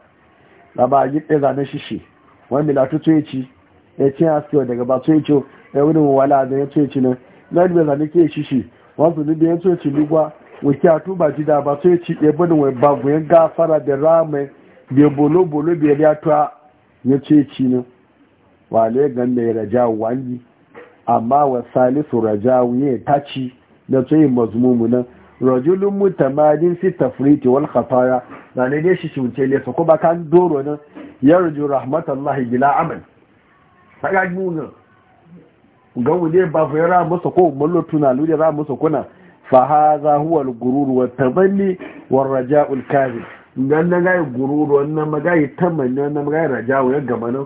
da ba a gitse zane shishi wani milatu to ya ci ya ci daga ba to ya ci ya wani wala da ya to ya ci nan na da zane ke shishi wasu ne da ya to ya ci lugwa wake a ba ji da ba to ya ci ya bani wani babu ya gafara da ramai bai bolo bolo bai ya to ya to ya ci nan wale gan mai rajawu wani amma wa salisu rajawu ne ta ci da to yi mazmumu nan rajulun mutamadin fi tafriti wal khataya na ne dai shi shunce le so Kuma ba kan doro nan yarju rahmatallahi bila amal saka guna ga wule ba fa yara musu ko mallo tuna luje ra musu kuna fa hadha huwa al gurur wa taballi war raja'u al kadhib dan nan ga gurur wannan magayi tamanni wannan raja, raja'u ya gaba nan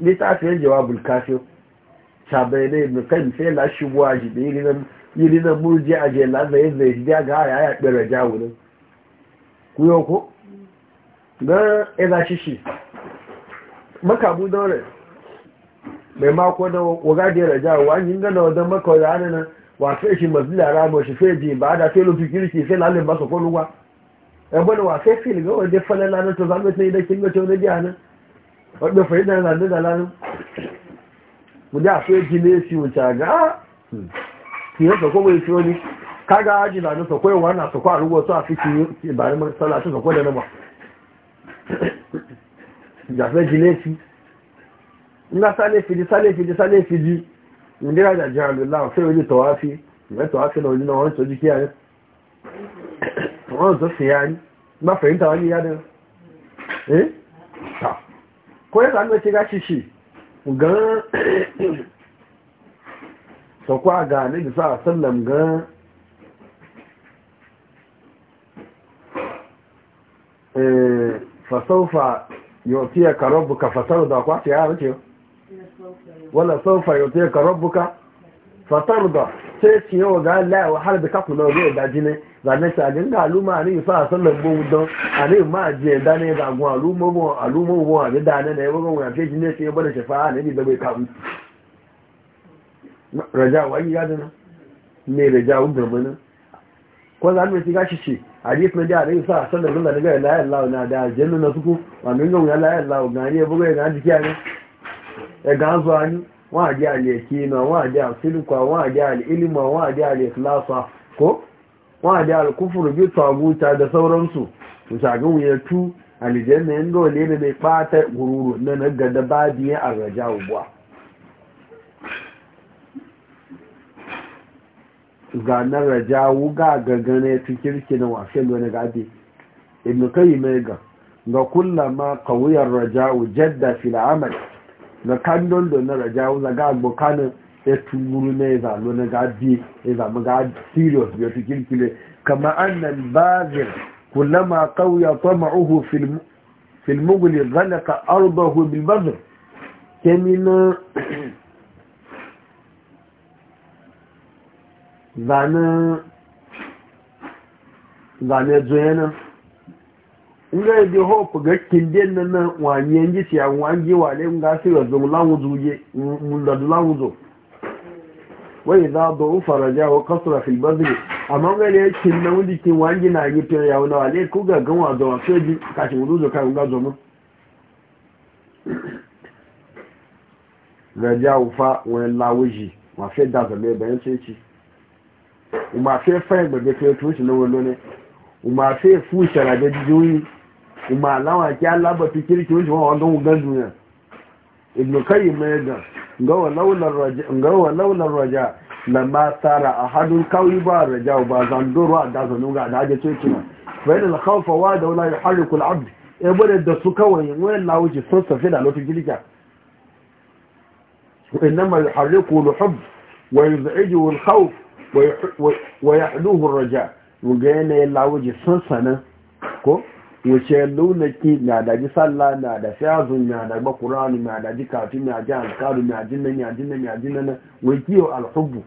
ni ta fi jawabul kafir shabai ne mukan sai la shi wajibi ne iri na murji a jela zai zai shi ga haya ya ɗara jawo nan kuyo ko na ina shishi makamu daure mai mako na waga da yara jawo an yi gana wajen maka da hannun nan wasu shi masu lara ma shi fai ji ba da fai lufi kirki sai lalin masa kwanuwa ya bane wasu fil ga wajen falon lanar to zama sai da kin gato na jiya nan wadda fa'idar lanar da lanar mu da fai ji ne shi wuce ga kìí sọ̀kọ́ wọ́n èsì oní kága ájìlá ní sọ̀kọ́ ìwọ̀n náà sọ̀kọ́ àrúgbọ́ tó àfi kìí ìbàrin mọ́sálà tó sọ̀kọ́ dẹ̀nà wà sakwa ga nabi sa sallam ga eh, fasaufa yotiya karobuka rabbuka fatar da kwa ta yara ce wala saufa yotiya ka rabbuka fatar da sai ci yau ga Allah wa har da kafin na zai da jini zane ta ga ga aluma ne sa sallan bo don a ane ma je da ne ga gun aluma bo aluma bo a da ne ne ba gun ya ce jini sai ba da shafa ne da bai kafu raja wa yi gadana me raja wa gamana ko za mu ci shi. ce hadis na da rai sa sallar Allah daga la ilaha illallah na da jannu na suku wa min gon la layar lawa. Gani ne bugo ga jiki ne ya ga zo ani wa ji al yakina wa a al silqa wa ji al ilma wa ji al ikhlasa ko wa ji al kufru bi taguta da sauransu to sagan ya tu na ndo ne ne bai fata gururu na na gada badiye arraja ubuwa zanen raja wuga gagane ta kirki na wafe wani gabi ibn kai mai ga ga kullama kawuyar raja jadda fil amal ga kandon da na raja wuga ga abokanin ya tunguru na ya lo na gabi ya zama ga serious ya ta kirki ne kama annan bazir kullama kawuya tama'uhu fil mugli zalaka ardahu bil bazir kemina zane zoyana nga edi hope ga kinden nan na wani yanji siya wani wale nga si ga zon lanwuzo je muladu za a doon faraja wa kasura filbazili amma nga ne kin na wani kin wani na yi fiye yawon wale ko ga gan wa zon wasu yaji kashin wuzo zo kan ga ma da ci uma fe fa gbegbe fe to shi lowo lone uma fe fu shara de juyi uma lawa ki Allah ba ti kirki wani wa wannan gan duniya ibn qayyim ne ga ngawa laula raja ngawa laula raja lamma sara ahadun kawi ba raja ba zan a da zanu ga da je ce kina fa inal khawfa wa da la yuhriku al abd e bare da su kawai wani lawuci sun safi da lokacin kirkiya hub يحركه الحب ويزعجه الخوف wa yahduhu raja ga yanayin lawuji sansanin ko wuce lunaki na da ji salla na da fiyazun na da ba qur'ani na da ji kafi na ji alkaru na ji nan ya ji nan ya ji nan wakiyo alhubu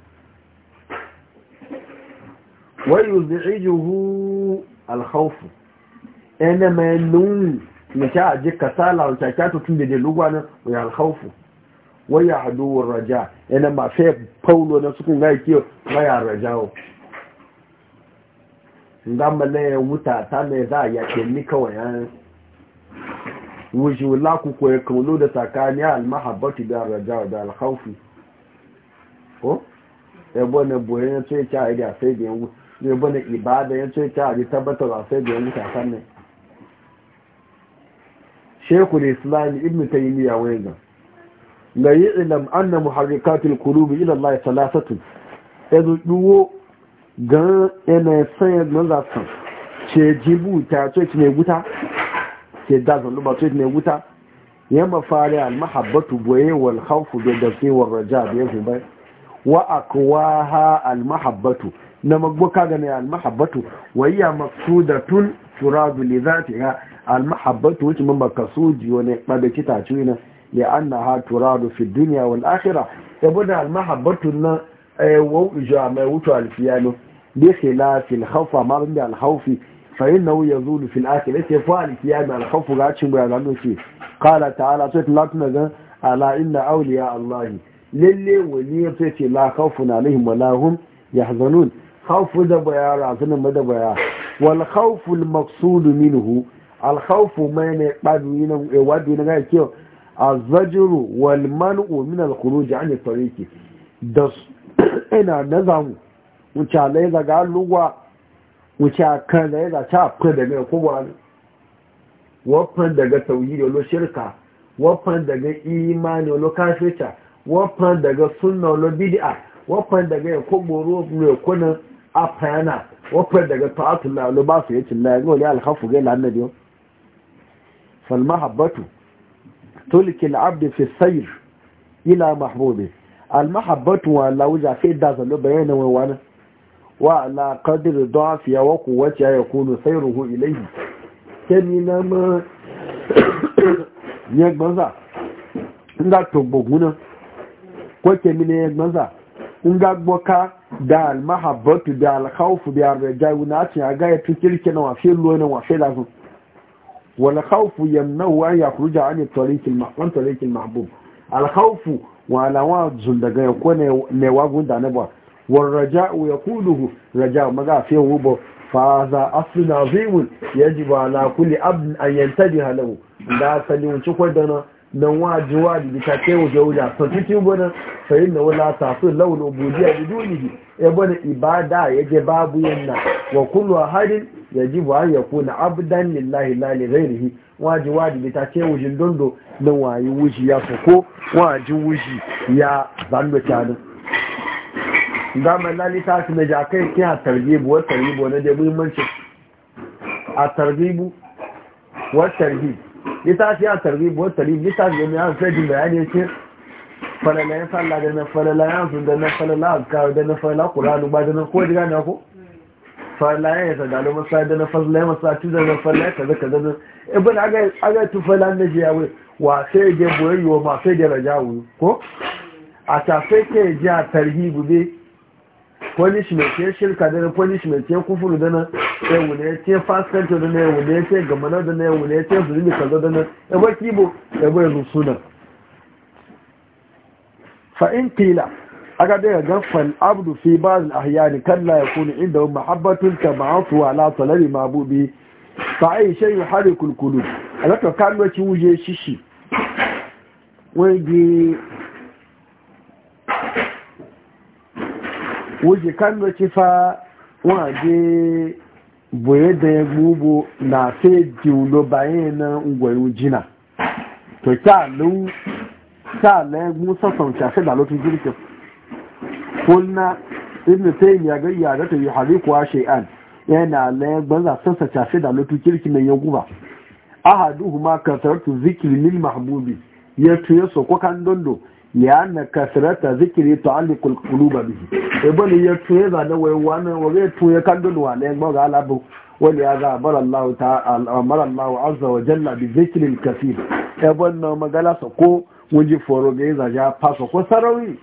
wayo zaijuhu alhaufu ene mai nuni na sha a ji kasala wuce kyatu tun da lugwana wa na khawf waya haduwar raja yana mafi paulo na sukun ga ke waya rajawo nga ya wuta ta mai za a ke ni kawai an wuju la ku ko kaulo da tsakani al mahabbatu da raja da al khawfi ko e bona boye ne sai ta ida sai da yanzu ne bona ibada ne sai ta yi tabbatar sai da yanzu ta sanne shekul islam ibnu taymiya wayga ga yi ilam anna muharrikatul qulubi ila Allah salasatu edu duwo ga ene sai na zatan ce jibu ta to ne guta ce da zan luba to ne guta ya mafari al mahabbatu boye wal khawfu bi dafi wal raja bi yahu bai wa aqwaha al mahabbatu na magboka ga ne al mahabbatu wa hiya maqsudatun turadu li dhatiha al mahabbatu wuce mun baka wani babeci ta ci li annaha turadu fi duniya wal akhirah ya al mahabbatun nan eh wau ijwa mai wuto al fiyano bi khilafi al khawfa ma bi al khawfi fa inna hu yazulu fi al akhirah sai fa al fiyano al khawfu ga cin ga nan ce qala ta'ala sai tilatu na ga ala inna awliya allah lalle wani ya ce la khawfun alaihim wa lahum yahzanun khawfu da baya razunin ma da baya wal khawfu al maqsud minhu al khawfu ma ne na ga kiyo azajiru wal man'u min al khuruj an tariqi da ina nazamu wuce da ga lugwa wuce kan da ya ta fa daga kowa wafan daga tauhidi lo shirka wafan daga imani lo kafirta wafan daga sunna lo bid'a wafan daga ya kogoro ne kuna afana wafan daga ta'atullah lo ba su yace la ga wali al khafu ga lanna dio fal mahabbatu تلك العبد في السير إلى محبوبه المحبة ولا وجع في الدازل بيانا ووانا وعلى قدر ضعفها وقوتها يكون سيره إليه كمينا ما يقبضا nga togboguna ko kemine yagbanza nga gboka da almahabbatu da alkhawfu da arjauna ci a ya tukirke na wafe luwa na wafe lazun wal khawfu yamnahu an yakhruja an tariq al mahfan tariq al mahbub al khawfu wa lawa zundaga ya kone ne wagun da ne ba wal raja'u yaquluhu raja'u maga fi wubo fa za aslu azim yajibu ala kulli abd an yantabiha lahu da sanin ci kwadana don waji waji da ta kai wuce wuce to cikin gudun sayin da wula ta su launin obudiya da duniya ya bane ibada ya je babu yana wa kullu harin ya ji ba ya kuna abdan lillahi lali ghairihi waji waji da ta kai wuce dondo don wayi wuji ya soko waji wuji ya zando tanu dama lali ta su na jakai kin a tarbibu wa tarbibu na da muhimmanci a tarbibu wa tarbibu littafi a tarbi buwar tarbi littafi da mai fredin bayani ya ce falala ya falla da na falala ya su da na falala a kawo da na falala kuranu ba da na kowa jira na ko falala ya yi sagalo masa da na falala ya masa tu da na falala ya kaza kaza na ibin aga tu falala na jiya wai wa sai ya buwar yiwa ma sai ya raja wuyi ko a tafe ke ji a tarbi gube punishment ya shirka da na punishment ya kufuru da na ya wule ce faskanci da na ya wule ce gamana da na ya wule ce zulmi kaza da na ya bai kibo ya ba yanzu sunan fa'in kila aka daga gafan abdu fi bazin ahiyani kalla ya kuni inda mahabbatun ka ma'afu ala talari mabubi fa'ai shayi hari kulkulu a zaka kalmacin wuje shishi wani wuje kalmaci fa waje boye da ya na sai jiwulo bayan na ngwayo jina to ta lu ta la mu sassan ta sai da lokacin jirkin kulna ibn ya ga ya da ta yi hariku shay'an yana la banza sassa ta sai da lokacin jirkin nan ya guba ahaduhuma kasaratu zikri lil ya tuye so ko kan lianna kasrata zikiri ta al-quluba bihi ibn ya tuye za da wai wannan wai tuye kan dunwa ne ba ga alabu wani ya zaɓar Allah ta'ala amara Allah azza wa jalla bi zikri al-kaseer ibn na magala sa ko wuji foro ga za ja ko sarawi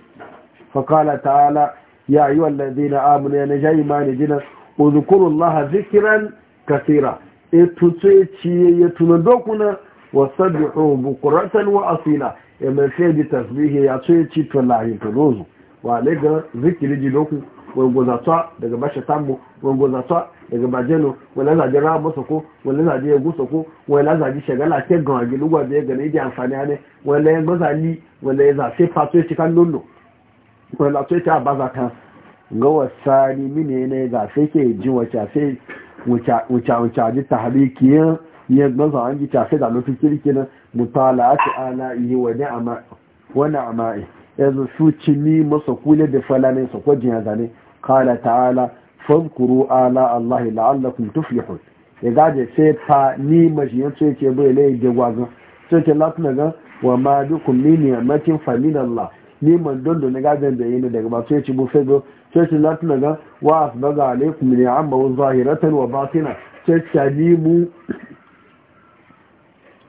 fa qala ta'ala ya ayyuhal ladina amanu ya najimani jina udhkuru Allah zikran kaseera e tutse ciye ya tuna dokuna wasabbihu bukratan wa asila mai sai ji tasbihi ya so ya ci to lahi to wa ne zikiri ji doku wani gozatwa daga bashi tambo wani gozatwa daga bajeno wani zaje ra masa ko wani zaje ya gusa ko wani zaje shagala ke gawa giluwa da ya gane ya amfani ne wani ya mazali wani ya zafe fato ya cikan lullu wani lato ya ta baza kan ga wasani mine ne zafe ke ji wace wuce wuce ji ta harikiyar ya gbaza an ji tafe da lokacin kirkinan mutala'atu ala'ihi wa ni'ama wa na'ama'i yanzu su cinni masa kula da falanin sa ko jiya zane qala ta'ala fankuru ala allahi la'allakum tuflihun ya gaje sai fa ni majiyan sai yake bai lai da gwazo sai ke ga wa ma bikum min ni'matin fa min allah ni man dondo na gajen da yana daga ba sai ci bu sai sai ce lafiya ga wa asbaga alaikum wa zahiratan wa batina sai ta ni mu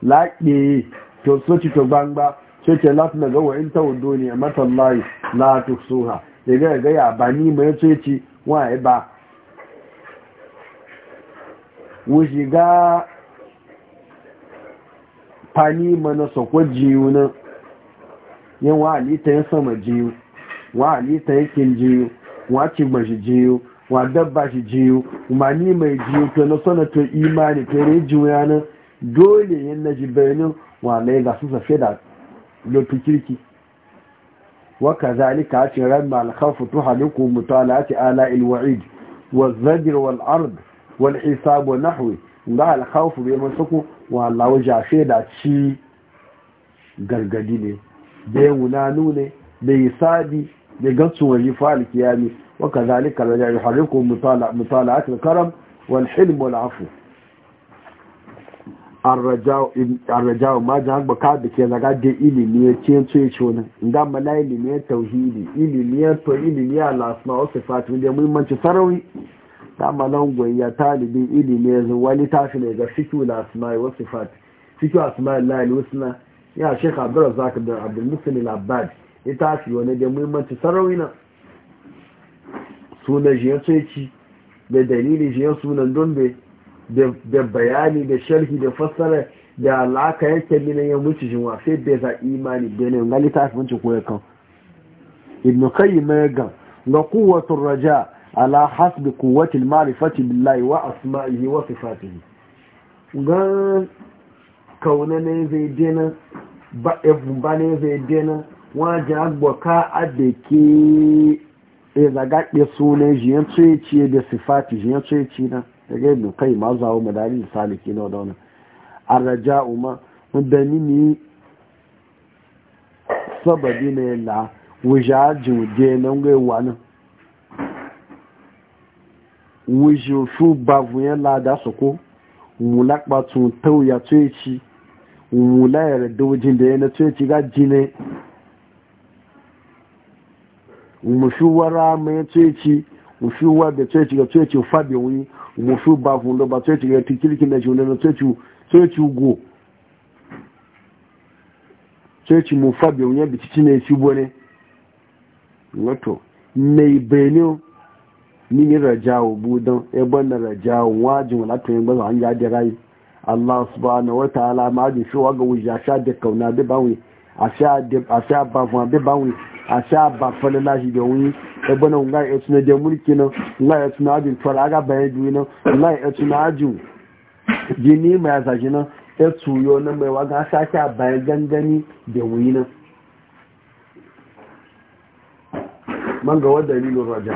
laƙe to soci to gbangba ce ce lati na gawa in ta wudo ne matallahi la ta soha da ga gaya ba nima ya ce ce ya ba wuce ga fani mana sokwa jiyu nan yin wa halitta ya sama jiwu wa halitta yakin jiwu wa cigba shi jiyu wa dabba shi jiyu ma ni mai jiyu to na sana to imani to rejiyu yanar dole yin na jibenin wale ga su safe da lotu kirki waka zalika a cin ran malakafu haliku mutala ce ala ilwa'id والزجر والعرض والحساب ونحوه ga alkhawfu bai mun suku wallahi jafe da ci gargadi ne bai wunanu ne bai hisabi da gatsu wa yifal kiyami zalika da jari haliku mutala mutalat karam wal hilm wal afu arraja majin hagba ka da ke zaga ga ilimi ya ce ce ce wani inda mala ilimi ya e tauhidi ilimi ya e to ilimi e ya lasma wasu fatu da muhimmanci sarauni ta malan talibin ilimi ya wani ne ga lasma asma ya shek abdul zak da abdul muslim al-abbad ya tashi wani da muhimmanci na sunan da bayani da sharhi da fassara da alaka yake minan ya mutu jinwa sai da za imani da ne ngali ta asibinci ko kan ibn qayyim ya ga ga quwwatur raja ala hasbi quwwati al-ma'rifati billahi wa asma'ihi wa sifatihi ga kauna ne zai dena ba ebun ba ne zai dena wajen agboka adeke e zaga ɗe sunan jiyan tsoye da sifati jiyan tsoye ci na daga ibn kai ma zawo madari saliki na wadannan arraja umma da ni mini sababi ne la wuja ji wuje nan ga wani wuje su babu yan lada su ko mulak ba tun tauya tuci mula ya da wujin da yana tuci ga jine mushuwara mai tuci mufi wa da tsoci ga tsoci fabi wani mufi ba fundo ba tsoci ga tikirkin da shi na tsoci go tsoci mu fabi wani yadda cici ne shi bone wato mai benin nini rajawo budan ebon na rajawo wajin walatun yin gbazan hanyar da rayu allah subhanahu wa ta'ala ma ajin shi wa ga wuja sha da kauna bi banwe a sha ba fun bi a sha ba falala shi da wuni ya e bana nga ya e tuna da mulki nan nga ya e tuna ajin fara aga bayan juyi nan nga ya tuna ajin jini mai asashi nan ya tuyo nan mai waga sha sha bayan gangani da wuni nan man ga wadda dalilin raja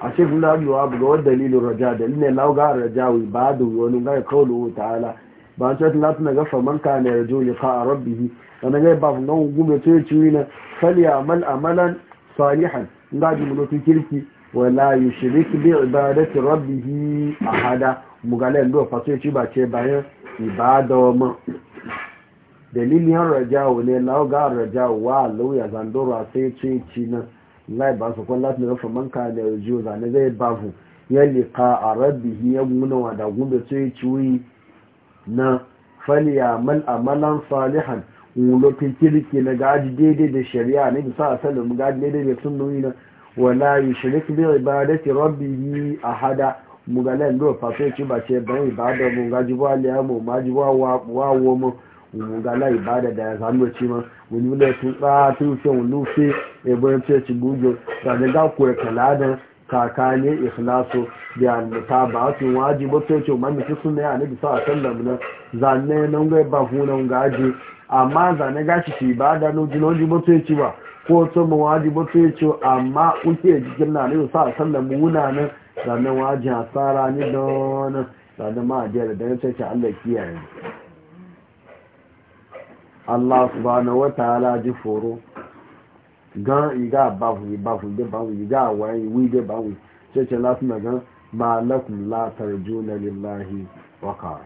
a ce kun labi wa ga wadda dalilin raja dalilin ne lauga rajawi ba da wani ga ya kawo ta'ala ba an ce latin na gafa man ka ne rajo ya ka a rabbihi wanda zai ba nan gume to yace wina falyamal amalan salihan ngaji mu to kirki wala yushrik bi ibadati rabbihi ahada mugale ndo fa to yace ba ce bayan ibada mu dalilin rajawo ne ga rajawo wa lauya zandora sai ce ci nan lai ba su kwallo su rufe manka da jiyo zane zai ba fu ya liƙa a rabbi ya guna wa da gumbe sai na faliya mal amalan salihan wulofin kirki na gaji daidai da shari'a na bisa a mu gaji daidai da sun nuni na wala yi shirik bi ibadati rabbi yi a hada mugalen do faso ci ba ce ban ibada mu gaji ba liya mu ma ji ba wa wo mu mugala ibada da ya zanu ci ma mun yi da tun tsa tun fi wulufi ebo ya ce ci bujo da ga ku kala da kakane ikhlaso da ta ba su wajibi to ce man ki sunna ya nabi sallallahu alaihi wasallam zanne nan ga ba funa ngaji amma zanne gashi shi ba da no jino ji mutu to ce ba ko to mu wajibi to ce amma kuke jikin nan ne sa sallam muna nan zanne waji asara ni don zanne ma da da ce ce Allah kiyaye Allah subhanahu wa ta'ala ji foro gan iga bafuyi bafuyi da bafuyi iga waye wi de bafuyi sai ce lati na gan ma lakum la na lillahi waka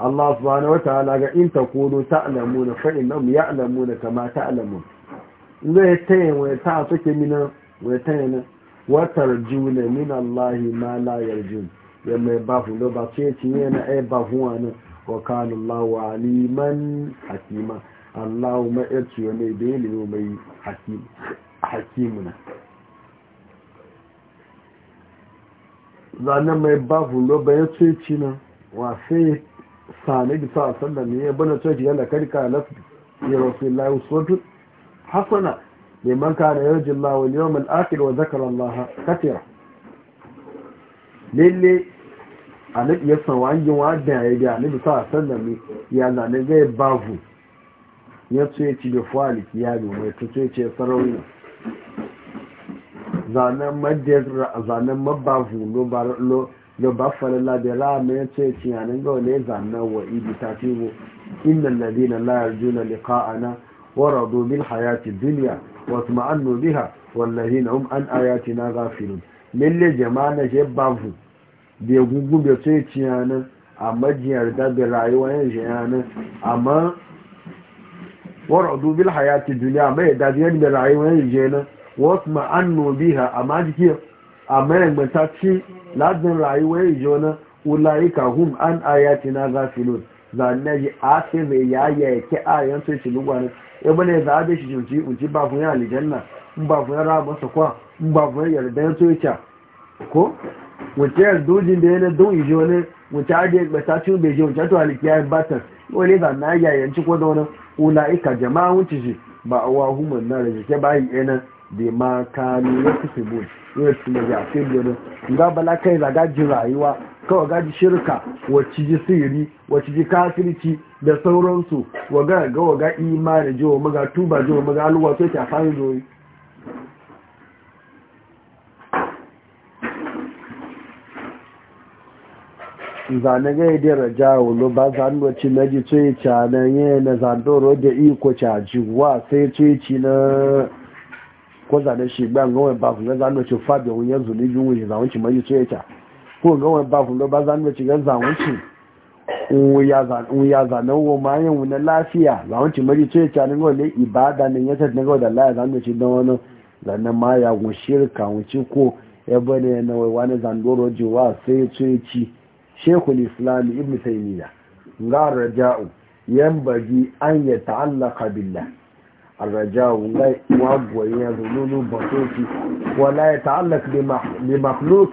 Allah subhanahu wa ta'ala ga in takunu ta'lamuna fa alamu na kama ta'lamun zai tayin wai ta suke mina wai tayin wa tarjuna min Allah ma la yarjun yamma bafu lo ba ce ci yana ai bafu wannan وكان الله عليما حكيما الله ما ارتي ومي بيل ومي حكيم حكيمنا Zane mai babu lobayen tsoci na. wafe sani da a sallar ne ya bane tsoci yana karka lafi ya wasu sotu hasana mai manka da yarjin lawon yawon al'akir wa zakarar laha katira lalle a nufi ya san wangin wadda ya yi a nufi sa san da mai ya zane zai bavu ya ce ci da fuwali ya yi mai ta ce sarauni zanen madiyar zanen mabavu da bafalin labira mai ce ce ci nan gawa ne zanen wa ibi ta fi bu inda nabi na layar juna da ka'ana wara domin hayati duniya wasu ma'an nubiha wallahi na um an ayati na gafirin min le jama'a na je bavu da ya gungun da sai ci yanan amma jiyar da rayuwa yin shi yanan amma wara dubil hayati duniya mai da jiyar da rayuwa yin shi yanan wasu ma'annu biha a jiki amma yin mataci ladin rayuwa yin shi yanan ula'ika hum an ayati na gafilun zanen ji ake mai yaya ya ke a yanzu shi lugwanin ya e bane za a shi jinci unci ba fun yi alijanna ba yi ba yi yarda ya ko wòtí ẹ̀dùnjìn bẹ̀rẹ̀ ní dùn ìjọ ní wòtí àjẹ́ ìgbẹ̀ta tí ó bèjì wòtí àtọ́ àlìkíyà ìbátan wọ́n lè bà náà yà yẹn tí kó dánwọ́n wòlá ika jama'a wuce shi ba a wahu humar na da jike bayi yana da ma kanu ya fi bu ya fi mai biyu biyanu ga bala kai za ga ji rayuwa kawai ji shirka wace ji siri wace ji kafirci da sauransu wa ga ga imani jiwa maga tuba jiwa maga alwato ta fara zane ya da rajawo lo ba zanwaci na ji tsoye canan yi na doro da iko caji wa sai tsoye ci na ko zane shi gban gawai ba zan zanwaci fabi wun yanzu ne biyun wuce zanwaci mai tsoye ca ko gawai ba kuma ba zanwaci gan zanwaci ya zane wo ma yin wuna lafiya zanwaci maji tsoye ca na gawai ibada ne ya tafi na gawai da laya zanwaci don wani zane ma ya gun shirka wuce ko ya bane na wai wani zan ji wa sai tsoye ci shekul islam ibn taymiya ga raja'u yambaji an ya ta'allaka billah الرجاو لا يواب ويذلول بطوتي ولا يتعلق بمخلوق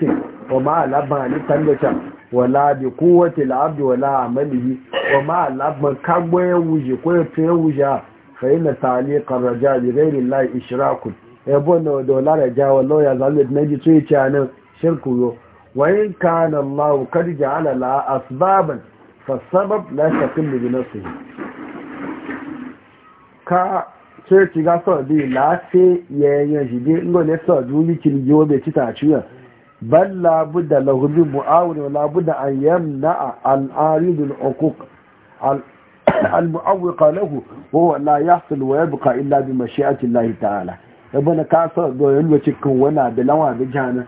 وما لبها لتنجح ولا بقوة العبد ولا عمله وما لبها كبوة يوجي كوية يوجي فإن تعليق الرجاء لغير الله إشراك يبون دولار رجاء والله يظل نجي تويتي عنه شركه وإن كان الله قد جعل لها أسبابا فالسبب لا يستقل بنفسه ka church ga so bi la se ye ye jide ngo ne so du yi kin yo be tita chuya bal la budda lahu bi muawin la budda an yamna al arid al uquq al al muawwiq lahu wa huwa la yahsul wa yabqa illa bi mashi'ati allah ta'ala ibn ka so do yin cikin wana da lawa da jana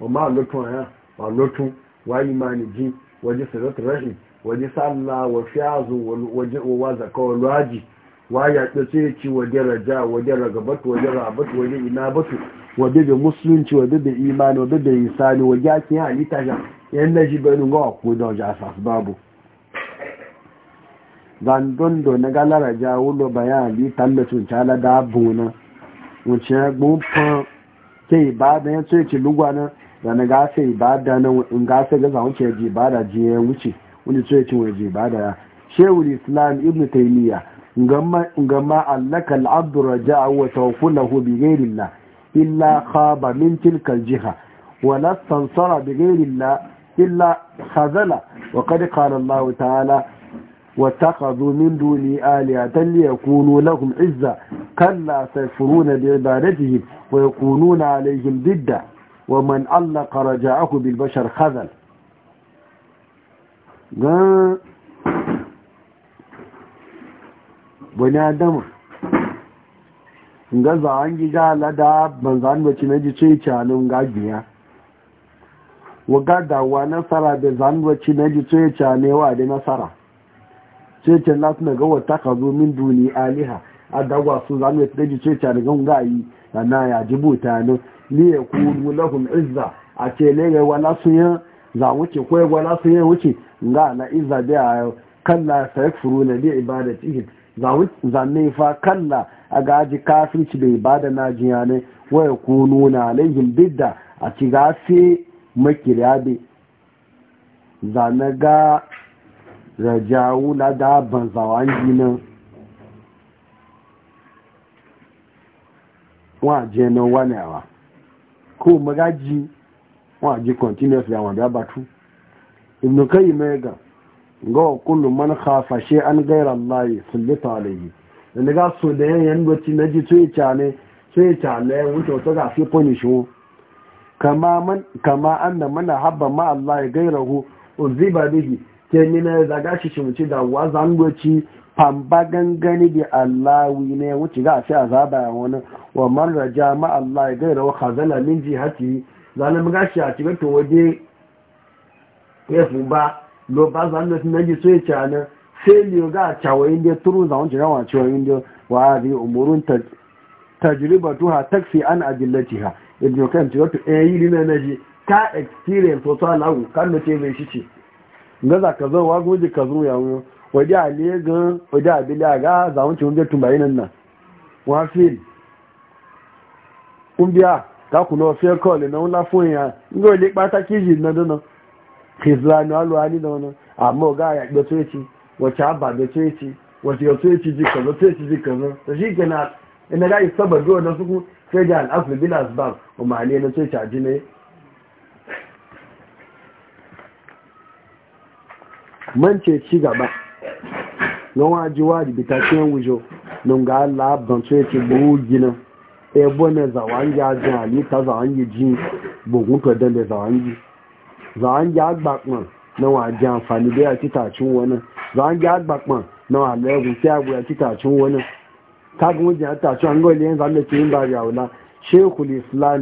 wọ́n máa lótún àyà wa lótún wáyé máa nìjí waje sirratu rahim waje sallah wa fiyazu waje wa zaka wa lwaji wa ya tsace ci waje raja waje ragabatu waje rabatu waje batu waje da musulunci waje da imani waje da isani waje ake halitta ja yan naji bani ga ku da waje asas babu dan dondo na galara ja wulo bayani tallacin cala da na wuce gbofan ke ba da ya tsace lugwana da na gasa ibada nan in gasa ga zawon ce je ibada je ya wuce wani ce ce waje ibada ya shehu islam ibn taymiya ngamma ngamma allaka al-abdu raja'a wa tawakkulahu bi ghayrillah illa khaba min tilka al-jiha wa la tansara bi ghayrillah illa khazala wa qad qala Allah ta'ala واتخذوا من دوني آلهة ليكونوا لهم عزة كلا سيكفرون بعبادتهم ويكونون عليهم ضده wa man allaka raja'ahu bil bashar khazal ga bani adam ga za an gi ga lada banzan wace na ji ce calin gagiya wa gadawa nasara da zan wace na ji ce calewa da nasara ce ce lati na ga wata ka zo min duni aliha a dagwa su zan wace na ji ce ga yi. sannan ya ji buta ne ni ya kuru lahum izza a ce ne ga wala sun yi za wuce ko wala sun yi wuce ga na izza da ya kalla furu na ibada cikin za ne fa kalla a gaji kafirci da ibada na jiya ne wa ya kunu na alaihim bidda a ci fi makirya bi ga rajawu na da banzawan jinan wọ́n ẹ̀nà wà ní àwà kó ji jí wọ́n àjẹ́ continuously àwọn àbí abatu ibùdó kẹ́yìn mẹ́gà ga kullu man khafa shay'an ghayra Allah sallata alayhi ga so da yayin doci na ji tsoye ta ne tsoye ta ne wuce ga fi punish wo kama man kama anna habba ma Allah ghayrahu uziba bihi kemi na zaga shi wa man raja ma Allah ya gaira wa khazala min jihati zalim gashi a cikin to waje ya fu ba lo ba zan da na ji sai ta na sai ne ga chawo inda turu zan jira wa chawo inda wa hadi umurun ta tajribatuha taksi an adillatiha ibn kan to eh yi ne na ji ka experience to ta lawo kan da ce mai shi ce ga za ka zo wa goje ka zo ya wuyo waje a legan ga waje a bilaga ga zawon ci wunje tumbayi nan nan wa fil kumbiya kakuna ofiyar kọlù na ńlá fún èèyàn ní olè pátákì yìí nọdúnà kìsìlánù alùhání náà àmọ́ ọ̀gá àyàgbẹ́ tó ètì wọ̀chá àbàgbẹ́ tó ètì tó ètì di kọ̀ọ̀lọ́ tó ètì di kọ̀ọ̀lọ́ tòṣì ìkẹ̀nà ẹnẹ́gá ìsọ́bọ̀gbẹ́ ọ̀nà fúnkún fẹ́jà alfabila bank ọmọ àlẹ́ ẹni tó ètì àjínẹ́ mọ́ǹtẹ̀ ci gaba lọ́wọ́n ajíwá ìbìtà tí wọ́n wùjọ lọ́ngà ebo eh, na zawangi ajin alita zawangi ji bugun to dan da zawangi zawangi agbapon na wa ji amfani da ya titacin wani zawangi agbapon na wa lẹ́gùn tí agbo ya titacin wani kagun zan a wula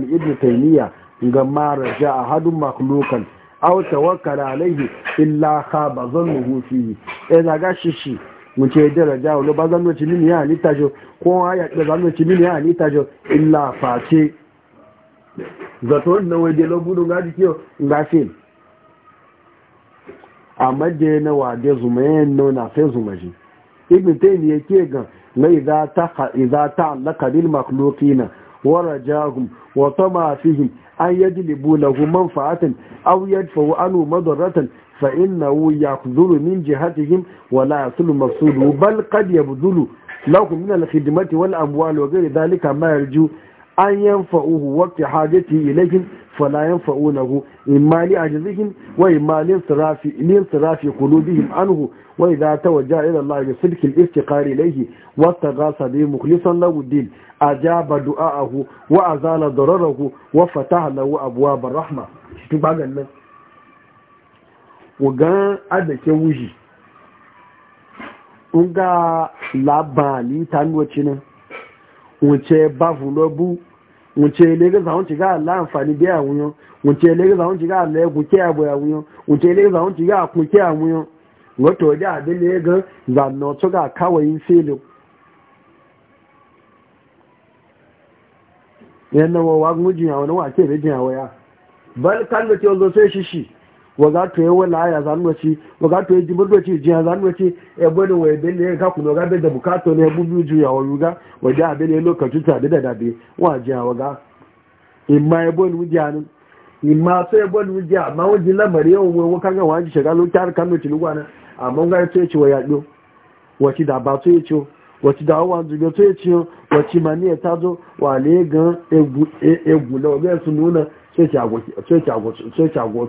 islam ga a hadun makulukan aw tawakkala alaihi illa khaba wuce jawo lo ba zan noci mini ya ni tajo ko ha ya zan noci mini ya ni tajo illa face zato na waje gudu ga ji kiyo ga fil amma je na waje zuma yin nuna sai zuma ji ibn ya ke ga na idza ta idza laka bil makhluqina wa rajahum wa tama fihim an yajlibu lahu manfa'atan aw yadfa'u anhu madaratan فإنه يخذل من جهتهم ولا يصل مقصوده بل قد يبذل لهم من الخدمات والأموال وغير ذلك ما يرجو أن ينفعوه وقت حاجته إليهم فلا ينفعونه إما لأجزهم وإما لانصراف قلوبهم عنه وإذا توجه إلى الله بصدق الافتقار إليه واستغاث به مخلصا له الدين أجاب دعاءه وأزال ضرره وفتح له أبواب الرحمة. شو بقى wagan adake wuji nga labani tanwaci nan wuce bafu wuce lagos àwọn ti ga ala àǹfààní bí àwọn wuce lagos àwọn ti ga ala ẹkùn kí àbọ̀ àwọn yan wuce lagos àwọn ti ga àkùn kí àwọn yan wọ́n tó dé àdélé gan ìlànà tó ga káwọ̀ yín fèlò yẹn náà wọ́n wá gún jìyàn àwọn náà wà kí ke jìyàn wọ́n yá waga to yawo la ya zanu wace waga to ci e wa be ne ga kuno ga be da bukato ne bu biyu ya wa yuga waje abe ne lokacin ta da da wa waga imma e imma wuji lamari yau mu wakan ga waji shiga lokacin kanu ci lugwana amma ga to yace wa yado da ba to da wa to ta zo wa le lo ga su nuna sai ci agwo sai ci agwo sai ci agwo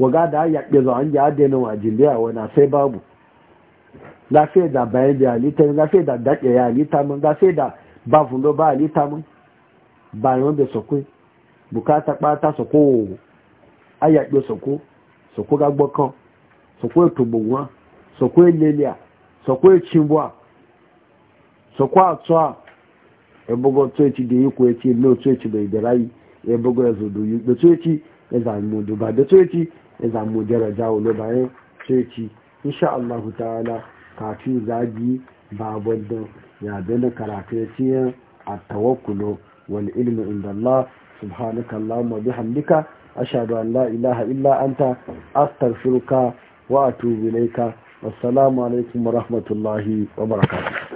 waga da ya ke zo an ji adena wa jiliya wana sai babu gafe da bayan da halitta mun gafe da daɗe ya halitta mun gafe da ba fundo ba halitta mun bayan da sokwe bukata ɓata soko ayaɗe soko soko gagbọ́ kan soko ètògbò wọn soko èlélẹ̀ soko èchimbọ́ soko àtọ́ ẹgbogbo e tó èchi dè yíkò èchi ilé òtó èchi bẹ̀rẹ̀ ìdẹ̀ráyì ẹgbogbo e ẹ̀zọ̀dọ̀ yíkò tó èchi ẹ̀zà e ìmọ̀dọ̀bàdẹ̀ tó èchi ya zamu daraja wani bayan ceci insha Allah ta'ala kafin zagi babon da ya bane karatu ya ce a tawakulo wal ilmi inda Allah subhanaka Allahumma bihamdika ashhadu an la ilaha illa anta astaghfiruka wa atubu ilayka salamu alaikum wa rahmatullahi wa barakatuh